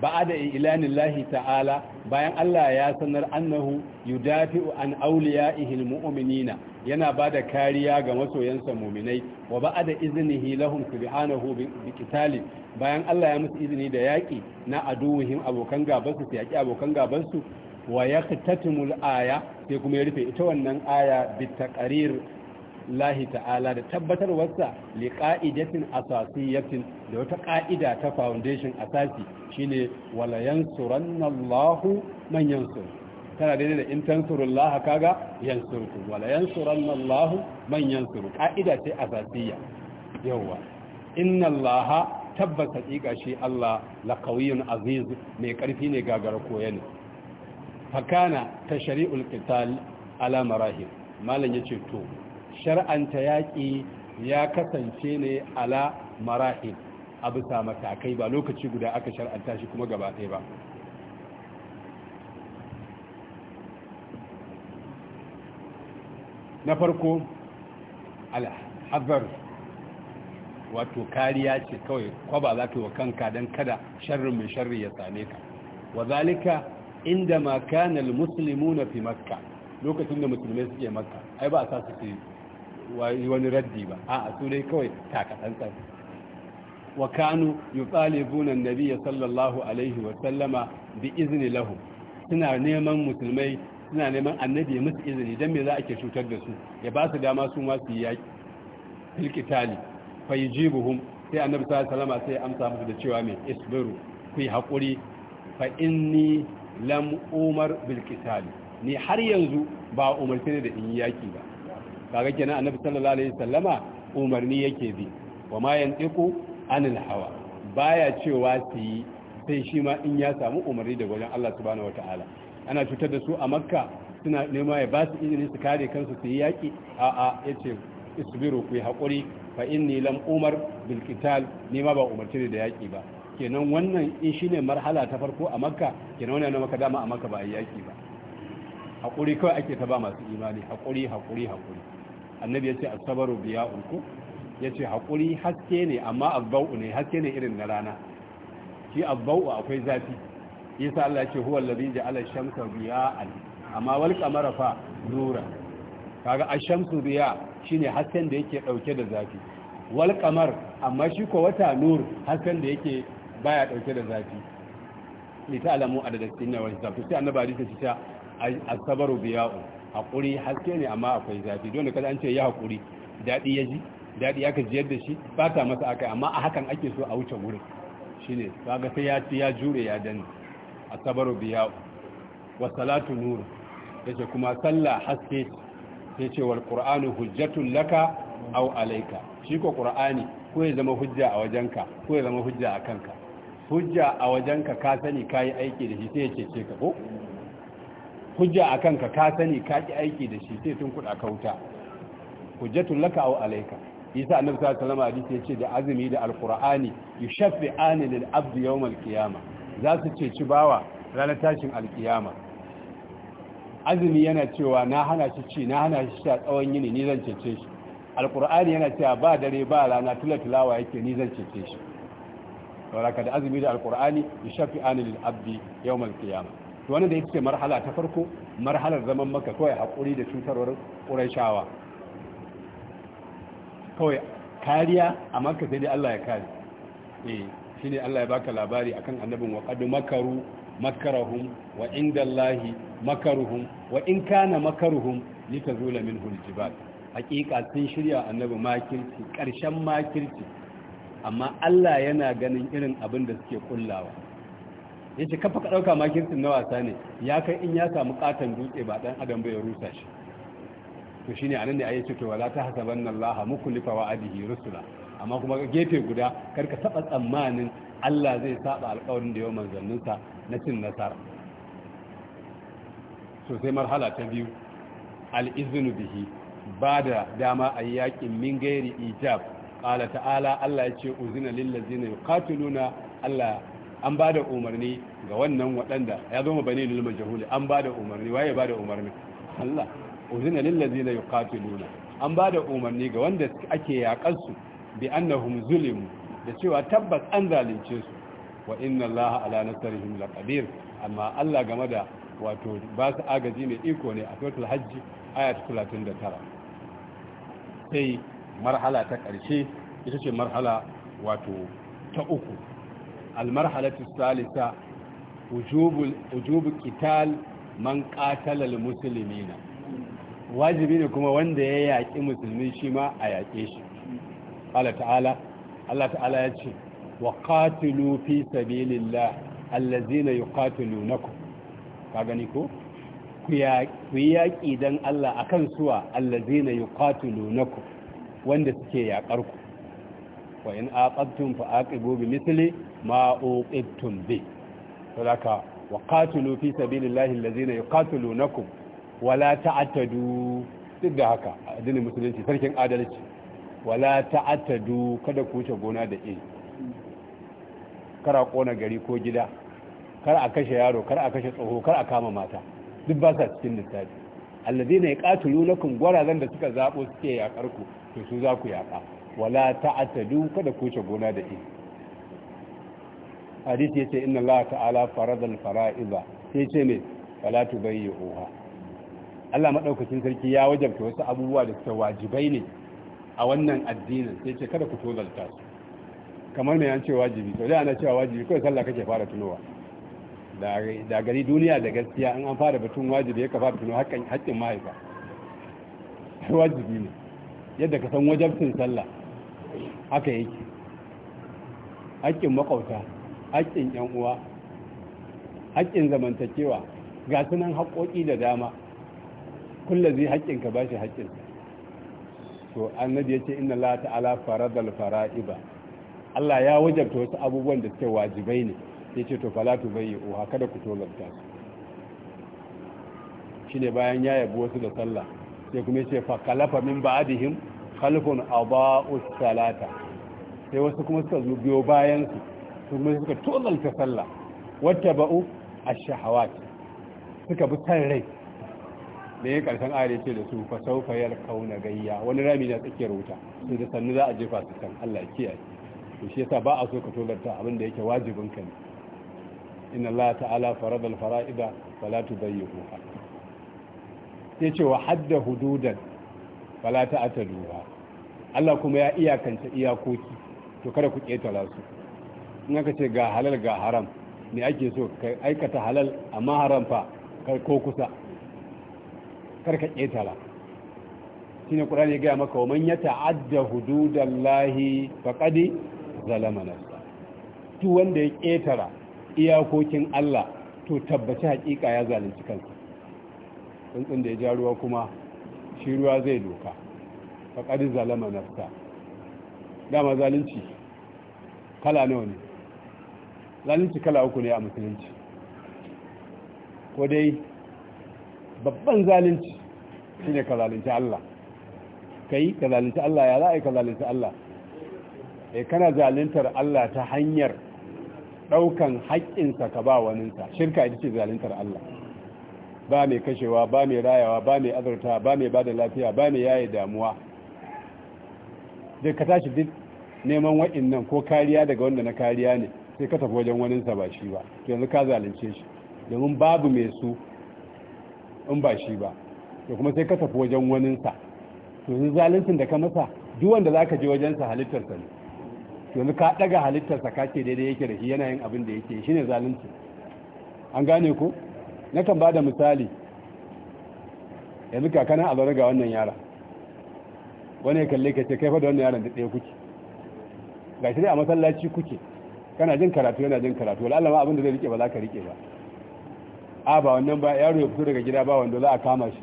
ba'da ilanillahi ta'ala bayan Allah ya sanar annahu yudafi'u an awliya'ihi almu'minina yana bada kariya ga masoyansa mu'minai wa ba'ada iznihi lahum subhanahu bi qitali bayan Allah ya musu izini da yaki na aduwuhim abokan gaban su yaki abokan gaban su wa yaqtatimul aya sai kuma ya rufe ita wannan aya bi taqrir lahi ta'ala da tabbatar li qa'idatin asasiyatin da wata qa'ida ta foundation asasi shine wala yansurannallahu man yansur tana daidai da in tansurullaha kaga yansurku wala yansurannallahu man yansuru ka'ida ce azabiyya yawa innallaha tabbas hakika shi Allah la qawiyyun aziz mai karfi ne gagara koya ne fakana tashri'ul qital ala marahil malan yace to shar'anta yaki ya kasance ne ala marahil a bisa matakai ba lokaci guda aka shar'anta shi kuma gaba ɗaya ba na farko alhazar wato kariya ce kawai kwaba za ka yi wa kanka don kada sharrin mai sharri ya same ka wa zalika inda makanal musulmi na fi makka lokacin da musulmai suke makka ai ba a sa su yi wani raddi ba a su dai kawai takatsantsan wa kanu yi tsalibunan ya sallallahu alaihi wasallama bi izini lahu suna neman musulmai suna neman annabi ya musu izini don me za a ke cutar da su ya ba su dama su ma su yi yaƙi filkitali fa yi sai annabi sallallahu alaihi sai amsa musu da cewa mai isbiru ku yi haƙuri fa inni lam umar bilkitali ni har yanzu ba umarci ne da in yi yaƙi ba kaga kenan annabi sallallahu alaihi sallama umarni yake bi wa ma yantiqu anil hawa baya cewa su sai shi ma in ya samu umarni da wajen Allah subhanahu wataala ana cutar da su a makka suna nema ya ba su izini su kare kansu su yi yaƙi a a ya ce isbiru ku yi haƙuri fa in ni lam umar bil qital ni ma ba umarci da yaƙi ba kenan wannan in shine marhala ta farko a makka kenan wannan maka dama a makka ba a yaƙi ba haƙuri kawai ake ta ba masu imani haƙuri haƙuri haƙuri annabi ya ce asabaru biya uku ya ce haƙuri haske ne amma abba'u ne haske ne irin na rana shi abba'u akwai zafi yasa Allah ce huwa allazi ja'ala shamsa diya'an amma wal qamara fa nura kaga ash-shamsu diya shine hasken da yake dauke da zafi wal qamar amma shi ko wata nur hasken da yake baya dauke da zafi li ta'lamu adada sinna wal zafi sai annabi hadisi ce as-sabaru diya'u hakuri haske ne amma akwai zafi dole kada an ce ya hakuri dadi ya ji dadi aka jiyar da shi ba ta masa akai amma a hakan ake so a wuce wurin shine kaga sai ya ci ya jure ya danne asabaru biya wa salatu nur yace kuma sallah haske yace wal qur'anu hujjatul laka aw alayka shi ko qur'ani ko ya zama hujja a wajenka ko ya zama hujja a kanka hujja a wajenka ka sani kai aiki da shi sai ya ce ka ko hujja a kanka ka sani ka ki aiki da shi sai tun kuɗa kauta hujjatun laka aw alayka isa annabi sallallahu alaihi wasallam hadisi yace da azumi da alqur'ani yushaffi anil abdi yawm al-qiyamah za su ceci bawa ranar tashin alkiyama azumi yana cewa na hana shi ci na hana shi sha tsawon yini ni zan cece shi alkur'ani yana cewa ba dare ba rana tilawa yake ni zan cece shi saboda da azumi da alkur'ani ya shafi anil abdi yau alqiyama to wani da ya ce marhala ta farko marhalar zaman maka kawai hakuri da cutarwar ƙurashawa kawai kariya a maka sai dai allah ya kare eh. shine Allah ya baka labari akan annabin wa qad makaru makarahum wa Allahi makaruhum wa in kana makaruhum litazula minhu aljibal hakika sun shirya annabi makirci karshen makirci amma Allah yana ganin irin abin da suke kullawa yace kafa ka dauka makircin na wasa ne ya kai in ya samu katan dutse ba dan adam bai rusa shi to shine anan ne ayi ce to wala ta hasabanna Allah mukullifa wa'adihi rusula amma kuma gefe guda kar ka taɓa tsammanin Allah zai saba alƙawarin da yau manzanninsa na cin nasara Sosai sai marhala ta biyu al'izinu bihi ba da dama a yaƙin min gairi ijab ƙala ta'ala Allah ya ce uzina lillazina yuqatiluna Allah an ba da umarni ga wannan waɗanda ya zo ma bane lulma jahuli an ba da umarni waye ba da umarni Allah uzina lillazi la yuqatiluna an ba da umarni ga wanda ake yaƙansu. bi annahum zulimu da cewa tabbas an zalunce su wa inna allaha ala nasarihim laqadir amma Allah game da wato ba su agaji mai iko ne a suratul hajji ayat 39 sai marhala ta ƙarshe ita ce marhala wato ta uku marhalatu salisa wujub qital man qatala muslimina wajibi ne kuma wanda ya yaki musulmi shi ma a yake shi qala ta'ala Allah ta'ala ya ce wa qatilu fi sabilillah allazina yuqatilunakum ka gani ko ku yaƙi don Allah akan kan suwa allazi na ku wanda suke yaƙar ku wa in aqabtum fa aqibu bi misli ma uqibtum bi sadaka wa qatilu fi sabilillahi allazina yuqatilunakum wa la ta'tadu duk da haka addinin musulunci sarkin adalci wala ta'attadu kada ku wuce gona da iri kar a kona gari ko gida kar a kashe yaro kar a kashe tsoho kar a kama mata duk ba sa cikin lissafi alladina lakum gwarazan da suka zabo suke yakar ku to su za ku yaka wala ta'tadu kada ku wuce gona da shi hadisi yace inna Allah ta'ala al fara'iza sai ce me wala tubayyi'uha Allah madaukakin sarki ya wajabta wasu abubuwa da suka wajibai ne a wannan addinin sai ce kada ku tozalta su kamar mai an ce wajibi to da ana cewa wajibi kawai sallah kake fara tunowa da gari duniya da gaskiya an an fara batun wajibi ya kafa tuno haƙƙin mahaifa wajibi ne yadda ka san wajabcin sallah haka yake haƙƙin makauta haƙƙin yan uwa haƙƙin zamantakewa ga sunan haƙoƙi da dama kulla zai haƙƙin ka bashi haƙƙinsa. to annabi yace inna la ta'ala faradal fara'iba Allah ya wajabta wasu abubuwan da suke wajibai ne yace to fala o haka da ku tolanta su shine bayan ya yabo wasu da sallah sai kuma yace fa kalafa min ba'dihim khalfun aba'u salata sai wasu kuma suka zo biyo bayan su kuma suka tolanta sallah wattaba'u ash-shahawat suka bi san rai da ya karshen ayar ce da su fa saufa kauna gayya wani rami na tsakiyar wuta su da sannu za a jefa su can Allah kiyaye to shi yasa ba a so ka tobarta abin da yake wajibin ka ne inna Allah ta'ala farada al-fara'ida kuka tudayyuha yace wa hadda hududan ta ta'taduha Allah kuma ya iyakance iyakoki to kada ku ketara su in aka ce ga halal ga haram ne ake so ka aikata halal amma haram fa kai ko kusa karka ƙetara shi ne ƙurani gaya maka wa man ya ta'adda hududan lahi faƙadi zalama nasa tu wanda ya ƙetara iyakokin Allah to tabbaci haƙiƙa ya zalunci kansa tsuntsun da ya ja ruwa kuma shi ruwa zai doka faƙadi zalama nasa dama zalunci kala nawa ne zalunci kala uku ne a musulunci ko dai babban zalunci ne ka zalunci Allah kai ka zalunci Allah ya za'a ka zalunci Allah E kana zaluntar Allah ta hanyar ɗaukan haƙƙinsa ka ba waninsa shirka ita ce zaluntar Allah ba mai kashewa ba mai rayawa ba mai azurta ba mai bada lafiya ba mai yaye damuwa duk ka tashi duk neman nan ko kariya daga wanda na kariya ne sai ka tafi wajen waninsa ba shi ba yanzu ka zalunce shi domin babu mai su in ba shi ba to kuma sai ka tafi wajen waninsa to yanzu zaluncin da ka masa duk wanda za ka je wajensa halittarsa ne yanzu ka ɗaga halittarsa ka ce daidai yake da shi yana yin abin da yake shi ne zalunci an gane ko na ba da misali yanzu kakana a zaura ga wannan yara wani ya kalle ka ce fa da wannan yaran da ɗaya kuke ga shi dai a masallaci kuke kana jin karatu yana jin karatu wala Allah ma abin da zai rike ba za ka rike ba a ba wannan ba yaro ya fito daga gida ba wanda za a kama shi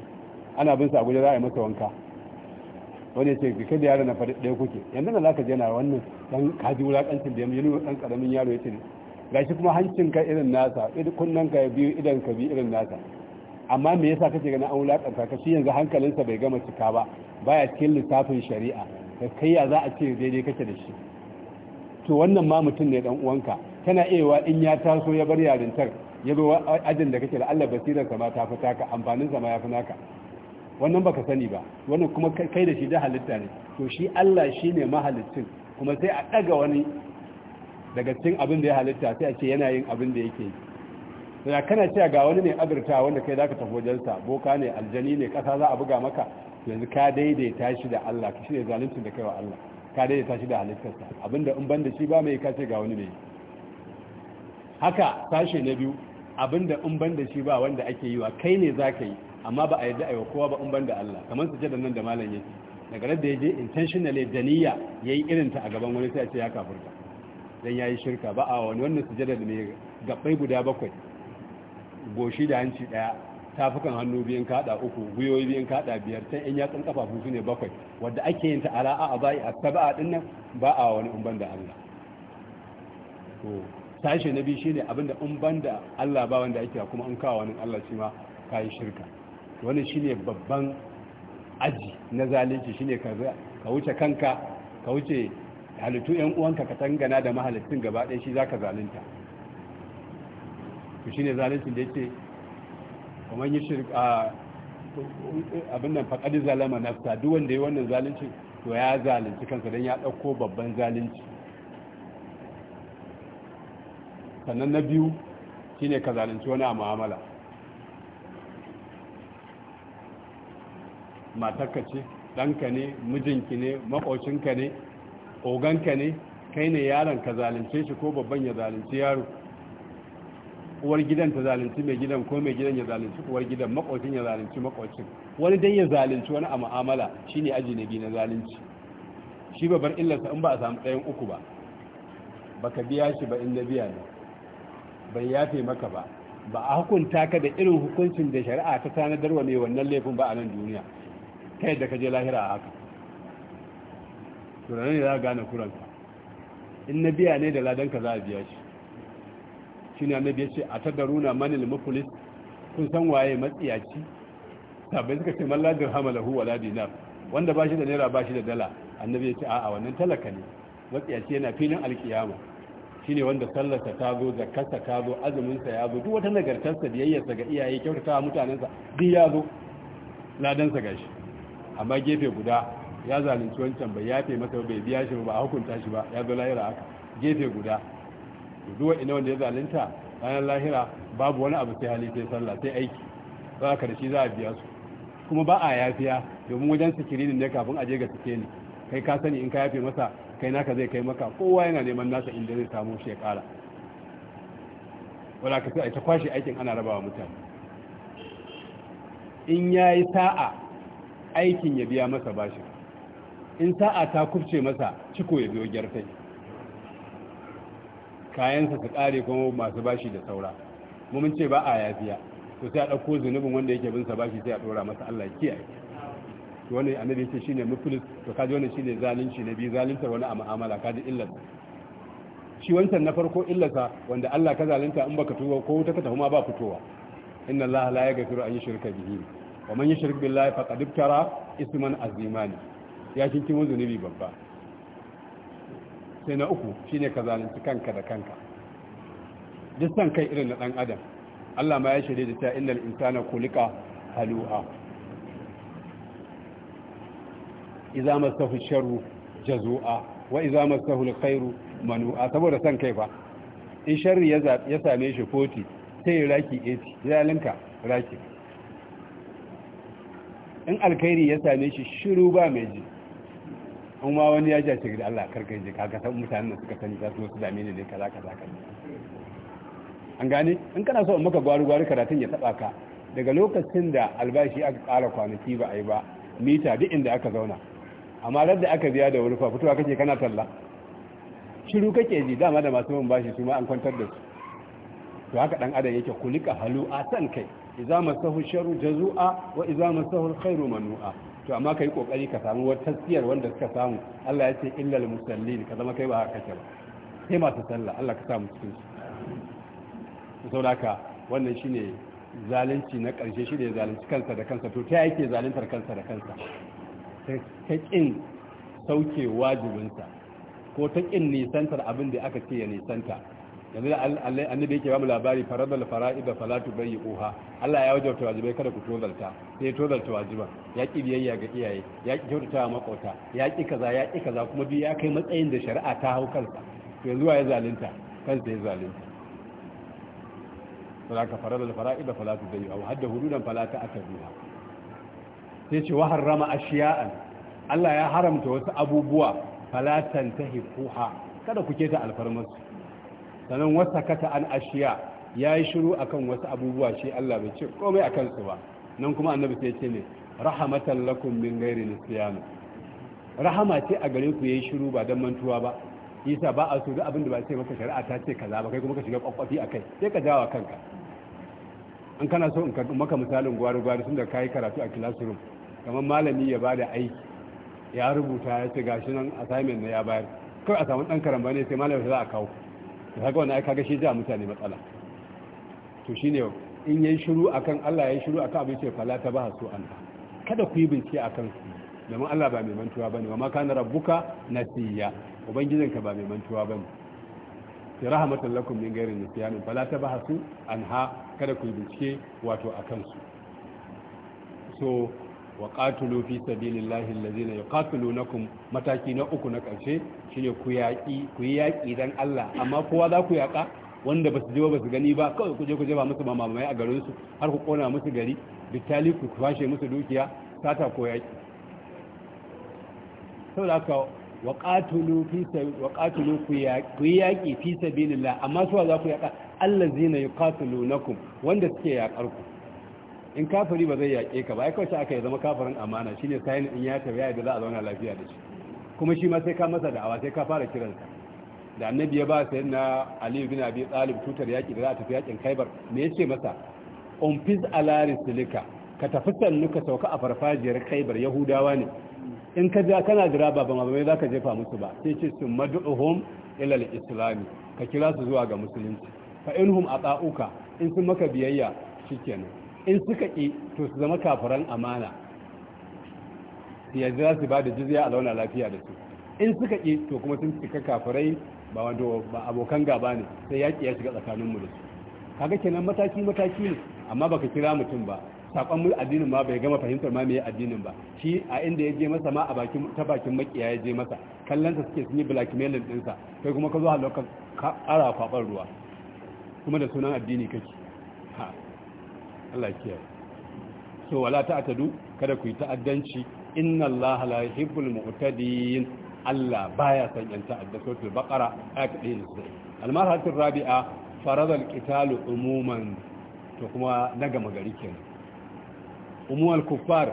ana bin sa guje za a yi masa wanka wani ce ka kada yaro na faɗi ɗaya kuke yanzu na zaka je na wannan dan kaji wulakancin da yanzu ɗan ƙaramin yaro ya ce gashi kuma hancin ka irin nasa kunnen ka biyu idan ka bi irin nasa amma me yasa kake ganin an wulakanta ka shi yanzu hankalinsa bai gama cika ba baya cikin lissafin shari'a kai ya za a ce daidai kake da shi to wannan ma mutum ne dan uwanka tana wa in ya taso ya bar yarintar ya zo ajin da kake da Allah basirar ma ta fi taka amfanin ma ya fi naka wannan baka sani ba wannan kuma kai da shi da halitta ne to shi Allah ne mahalicin kuma sai a daga wani daga cikin abin da ya halitta sai a ce yana yin abin da yake yi da kana cewa ga wani ne azurta wanda kai zaka tafi sa boka ne aljani ne kasa za a buga maka yanzu ka daidaita shi da Allah ka shine zaluncin da kai wa Allah ka daidaita shi da halittarsa abinda in ban da shi ba mai kace ga wani ne haka sashe na biyu abinda in ban da shi ba wanda ake yi wa kai ne zaka yi amma ba a yi a kowa ba in da Allah kamar su jadon nan da malam yake daga da ya je intentionally da niyya ya yi ta a gaban wani sai a ce ya kafurka, don ya yi shirka ba a wani wannan sujada da mai gabbai guda bakwai goshi da hanci daya tafukan hannu biyan kada uku guyoyi biyan kada biyar ta in yatsun kafafu su ne bakwai wadda ake yin ta ala'a a bai a sab'a nan ba a wani umban da Allah sashe na biyu shine abinda in banda Allah ba wanda yake kuma in kawo wani Allah shi ma kayi shirka wannan shine babban aji na zalunci shine ka ka wuce kanka ka wuce halittu yan uwanka ka tangana da mahalittun gaba ɗaya shi zaka zalunta to shine zaluncin da yake kuma yi shirka abin nan faƙadi zalama nafsa duk wanda ya wannan zalunci to ya zalunci kansa don ya ɗauko babban zalunci sannan na biyu shine ka zalunci wani a mu'amala matarka ce ɗanka ne mijinki ne maƙocinka ne oganka ne kai ne yaron ka zalunce shi ko babban ya zalunci yaro uwar gidan ta zalunci mai gidan ko mai gidan ya zalunci uwar gidan maƙocin ya zalunci maƙocin. wani dai ya zalunci wani a mu'amala shine aji na biyu na zalunci shi babbar illarsa in ba a samu ɗayan uku ba baka biya shi ba in na biya ne bai yafe maka ba ba a hukunta ka da irin hukuncin da shari'a ta tanadar ne wannan laifin ba a nan duniya ta yadda ka je lahira a haka tunanin ne za ka gane kuranka in na biya ne da ka za a biya shi shi ne annabi ya ce a ta daruna manil mukulis kun san waye matsiyaci sabai suka ce mallajin ladir hamala huwa la dinar wanda ba shi da naira ba shi da dala annabi ya ce a'a wannan talaka ne matsiyaci yana filin alkiyama shine wanda sallarsa ta zo zakarsa ta zo azuminsa ya zo duk wata nagartarsa biyayyarsa ga iyaye kyautata wa mutanensa duk ya zo ladansa gashi amma gefe guda ya zalunci wancan bai yafe masa bai biya shi ba a hukunta shi ba ya zo lahira haka gefe guda duk ina wanda ya zalunta ranar lahira babu wani abu sai hali sai sallah sai aiki za ka da za a biya su kuma ba a yafiya domin wajen sikirinin ne kafin a je ga sikeli kai ka sani in ka yafe masa kai naka zai kai maka kowa yana neman nasa inda zai samu shi ya kara wala ka sai ta kwashe aikin ana rabawa mutane in yayi sa'a aikin ya biya masa bashi in sa'a ta kufce masa ciko ya biyo gyartai kayansa su kare kuma masu bashi da saura mun ce ba a yafiya to sai a ɗauko zunubin wanda yake bin sa bashi sai a ɗora masa Allah kiyaye to wannan annabi yace shine muflis to kaji wannan shine zalunci na biyu zalunta wani a mu'amala kaji illar shi wancan na farko illarsa wanda Allah ka zalunta in baka tuba ko ta ka tahuma ba fitowa inna Allah la yaghfiru an yushrika bihi wa man yushrik billahi faqad iftara isman azimani ya kinki mun zunubi babba sai na uku shine ka zalunci kanka da kanka duk san kai irin na dan adam Allah ma ya shaide da ta innal insana kulika halu'a iza masahu sharru jazua wa iza masahu alkhairu manua saboda san kai fa in sharri ya ya same shi 40 sai raki 80 yalinka raki in alkhairi ya same shi shiru ba mai ji an ma wani ya ja shi da Allah karkai je kaga san mutanen da suka sani za su dame ni ne kaza kaza kaza an gane in kana so in maka gwaru gwaru karatun ya taba ka daga lokacin da albashi aka kara kwanaki ba a yi ba mita duk inda aka zauna amma da aka biya da wuri fitowa kake kana talla shiru kake ji dama da masu mun bashi su ma an kwantar da su to haka dan adam yake kulika halu a san kai idza masahu sharru jazua wa idza masahu alkhairu manua to amma kai kokari ka samu wata tasiyar wanda suka samu Allah ya ce illal musallin ka zama kai ba haka kake ba sai masu sallah Allah ka samu cikin su saboda wannan shine zalunci na karshe shi ne zalunci kansa da kansa to ta yake zaluntar kansa da kansa ta ƙin sauke wajibinsa ko ta ƙin nisantar abin da aka ce ya nisanta yanzu da annabi yake mu labari faradal fara'ida salatu bayyi uha Allah ya wajabta wajibai kada ku tozalta sai tozalta wajiba ya ki biyayya ga iyaye ya ki kyautata wa makota ya ki kaza ya ki kaza kuma bi ya kai matsayin da shari'a ta hau kansa to yanzu ya zalunta kansa ya zalunta saboda ka fara'id fara'ida salatu bayyi uha hadda hududan falata ta atabiha sai ce wa harrama ashiya'an Allah ya haramta wasu abubuwa ta tantahiquha kada kuke ta alfarmarsu sanan kata an ashiya yayi shiru kan wasu abubuwa shi Allah bai ce komai a kansu ba nan kuma annabi sai ce ne rahamatan lakum min na nisyan rahama ce a gare ku yi shiru ba don mantuwa ba isa ba a so duk abin da ba sai maka shari'a ta ce kaza ba kai kuma ka shiga kwakwafi akai sai ka jawa kanka in kana so in maka misalin gwari-gwari tun da ka yi karatu a classroom kamar malami ya ba da aiki ya rubuta ya ce gashi nan assignment na ya bayar kawai a samu dan karamba ne sai malami za a kawo da haka wani aika gashi ja mutane matsala to shine in yayi shiru akan Allah yayi shiru akan abin ce fala ta ba su an kada ku yi bincike akan su domin Allah ba mai mantuwa bane wa ma kana rabbuka nasiya ubangijinka ba mai mantuwa bane fi rahmatan lakum min ghairi nisyan fala ta bahasu anha kada ku bincike wato akan su so wa katulu fi sabilillahi allazina yuqatilunakum mataki na uku na karshe shine ku yaki ku yaki dan Allah amma kowa za ku yaka wanda basu je ba su gani ba kawai ku je ku ba musu mamamai a garin su har ku kona musu gari bitali ku kwashe musu dukiya sata ko yaki saboda haka wa qatulu fi wa qatulu ku yaki fi sabilillah amma suwa za ku yaka allazina yuqatilunakum wanda suke yakar ku in kafiri ba zai yaƙe ka ba ai kawai aka yi zama kafirin amana shine sai in ya tafi da za a zauna lafiya da shi kuma shi ma sai ka masa da'awa sai ka fara kiran sa da annabi ya ba sayan na ali bin abi talib tutar yaƙi da za a tafi yaƙin khaibar me yace masa Umfis fiz ala risilika ka tafi sannu ka sauka a farfajiyar khaibar yahudawa ne in ka ja kana jira ba ba mai zaka jefa musu ba sai ce su mad'uhum ila al-islam ka kira su zuwa ga musulunci fa inhum ata'uka in sun maka biyayya shikenan in suka ƙi to su zama kafiran amana yanzu za su ba da jizya a launa lafiya da su in suka ƙi to kuma sun cika kafirai ba wanda ba abokan gaba ne sai yaƙi ya shiga tsakaninmu da su kaga kenan mataki mataki ne amma baka kira mutum ba sakon mu addinin ma bai gama fahimtar ma meye addinin ba shi a inda ya je masa ma a bakin ta bakin makiya ya je masa kallon sa suke sun yi blackmailing din sa kai kuma ka zo halaka ka ara kwabar ruwa kuma da sunan addini kake ha Allah kiyaye so wala ta'tadu kada ku yi ta'addanci inna Allah la yuhibbul mu'tadin Allah baya son yan ta'adda suratul baqara ayat 190 al-marhatu rabi'a farada al-qitalu umuman to kuma na gama gari kenan umul kuffar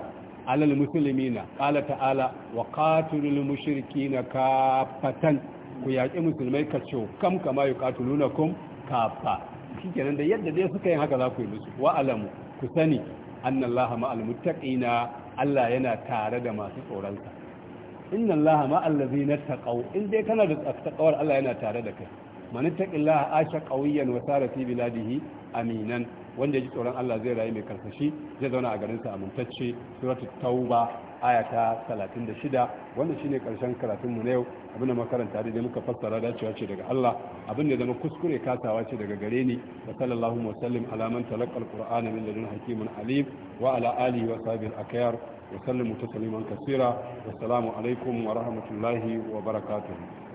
alal muslimina qala ta'ala wa qatilul mushrikina kafatan ku yaƙi musulmai ka kam kama yi ƙatulunakum kafa shikenan da yadda dai suka yin haka za ku yi musu wa alamu ku sani annallaha ma'al muttaqina Allah yana tare da masu tsoron inna innallaha ma'al ladzina taqaw in dai kana da taqawar Allah yana tare da kai man taqillaha asha qawiyan wa sara fi biladihi aminan wanda ji tsoron Allah zai rayu mai karsashi zai zauna a garin sa amintacce suratul tauba aya ta 36 wannan shine karshen karatun mu na yau abinda makaranta da muka fassara dacewa ce daga Allah abinda zama kuskure kasawa ce daga gare ni wa sallallahu wa sallim ala man talaqa alqur'ana min ladun hakimin alim wa ala alihi wa sahbihi al-akhyar wa sallimu tasliman kaseera wa assalamu alaikum wa rahmatullahi wa barakatuh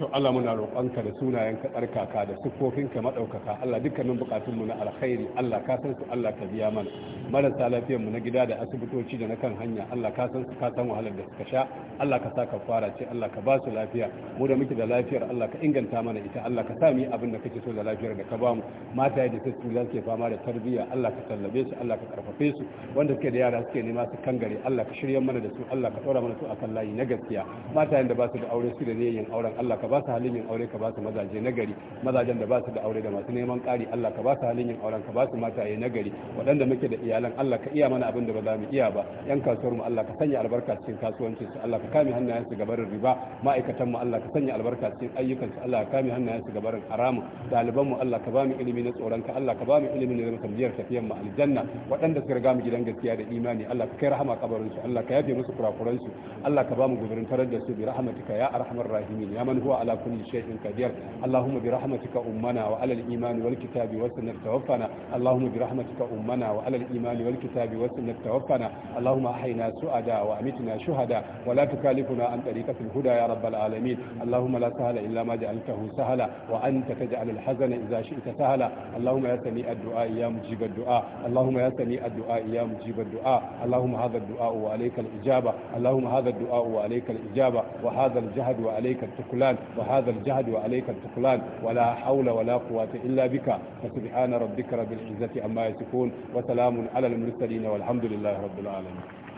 to Allah muna roƙonka da sunayen ka tsarkaka da sukofinka maɗaukaka Allah dukkanin buƙatunmu na alkhairi Allah ka san su Allah ka biya mana marasa lafiyarmu na gida da asibitoci da na kan hanya Allah ka san su ka san wahalar da suka sha Allah ka sa fara ce Allah ka ba su lafiya mu da muke da lafiyar Allah ka inganta mana ita Allah ka sa mu abin da kake so da lafiyar da ka ba mu mata da su za su fama da tarbiyya Allah ka tallabe su Allah ka karfafe su wanda suke da yara suke nema su kangare Allah ka shirya mana da su Allah ka tsora mana su akan layi na gaskiya mata da ba su da aure su da ne yin auren Allah ka ba su halin yin aure ka ba su mazaje na gari mazajen da ba su da aure da masu neman ƙari Allah ka ba su halin yin auren ka ba su mataye na gari waɗanda muke da iyalan Allah ka iya mana abin da ba za mu iya ba yan kasuwar mu Allah ka sanya albarka cikin kasuwancin su Allah ka kame hannayen su gabarin riba ma'aikatan mu Allah ka sanya albarka cikin ayyukan su Allah ka kame hannayen su gabarin haramun ɗaliban mu Allah ka ba mu ilimi na tsoron ka Allah ka ba mu ilimi na tambayar tafiyan mu aljanna waɗanda suka riga mu gidan gaskiya da imani Allah ka kai rahama kabarin su Allah ka yafe musu kurakuran su Allah ka ba mu gudurin tarar da su bi rahmatika ya arhamar rahimin ya man huwa ala kulli shay'in qadir allahumma bi rahmatika ummana wa ala al-iman wal kitabi wa sunnah tawaffana allahumma bi rahmatika ummana wa ala al-iman wal kitabi wa sunnah su'ada wa amitna shuhada wa la tukallifna an tariqatil huda ya rabbal alamin allahumma la sahla illa ma ja'altahu sahla wa anta taj'al al-hazana idha shi'ta sahla allahumma yasmi ad-du'a ya mujib ad-du'a allahumma yasmi ad-du'a ya mujib ad-du'a allahumma hadha dua wa alayka al-ijaba allahumma hadha ad-du'a wa alayka al-ijaba وهذا الجهد وعليك التكلان وهذا الجهد وعليك التقلان ولا حول ولا قوة إلا بك فسبحان ربك رب العزة عما يصفون وسلام على المرسلين والحمد لله رب العالمين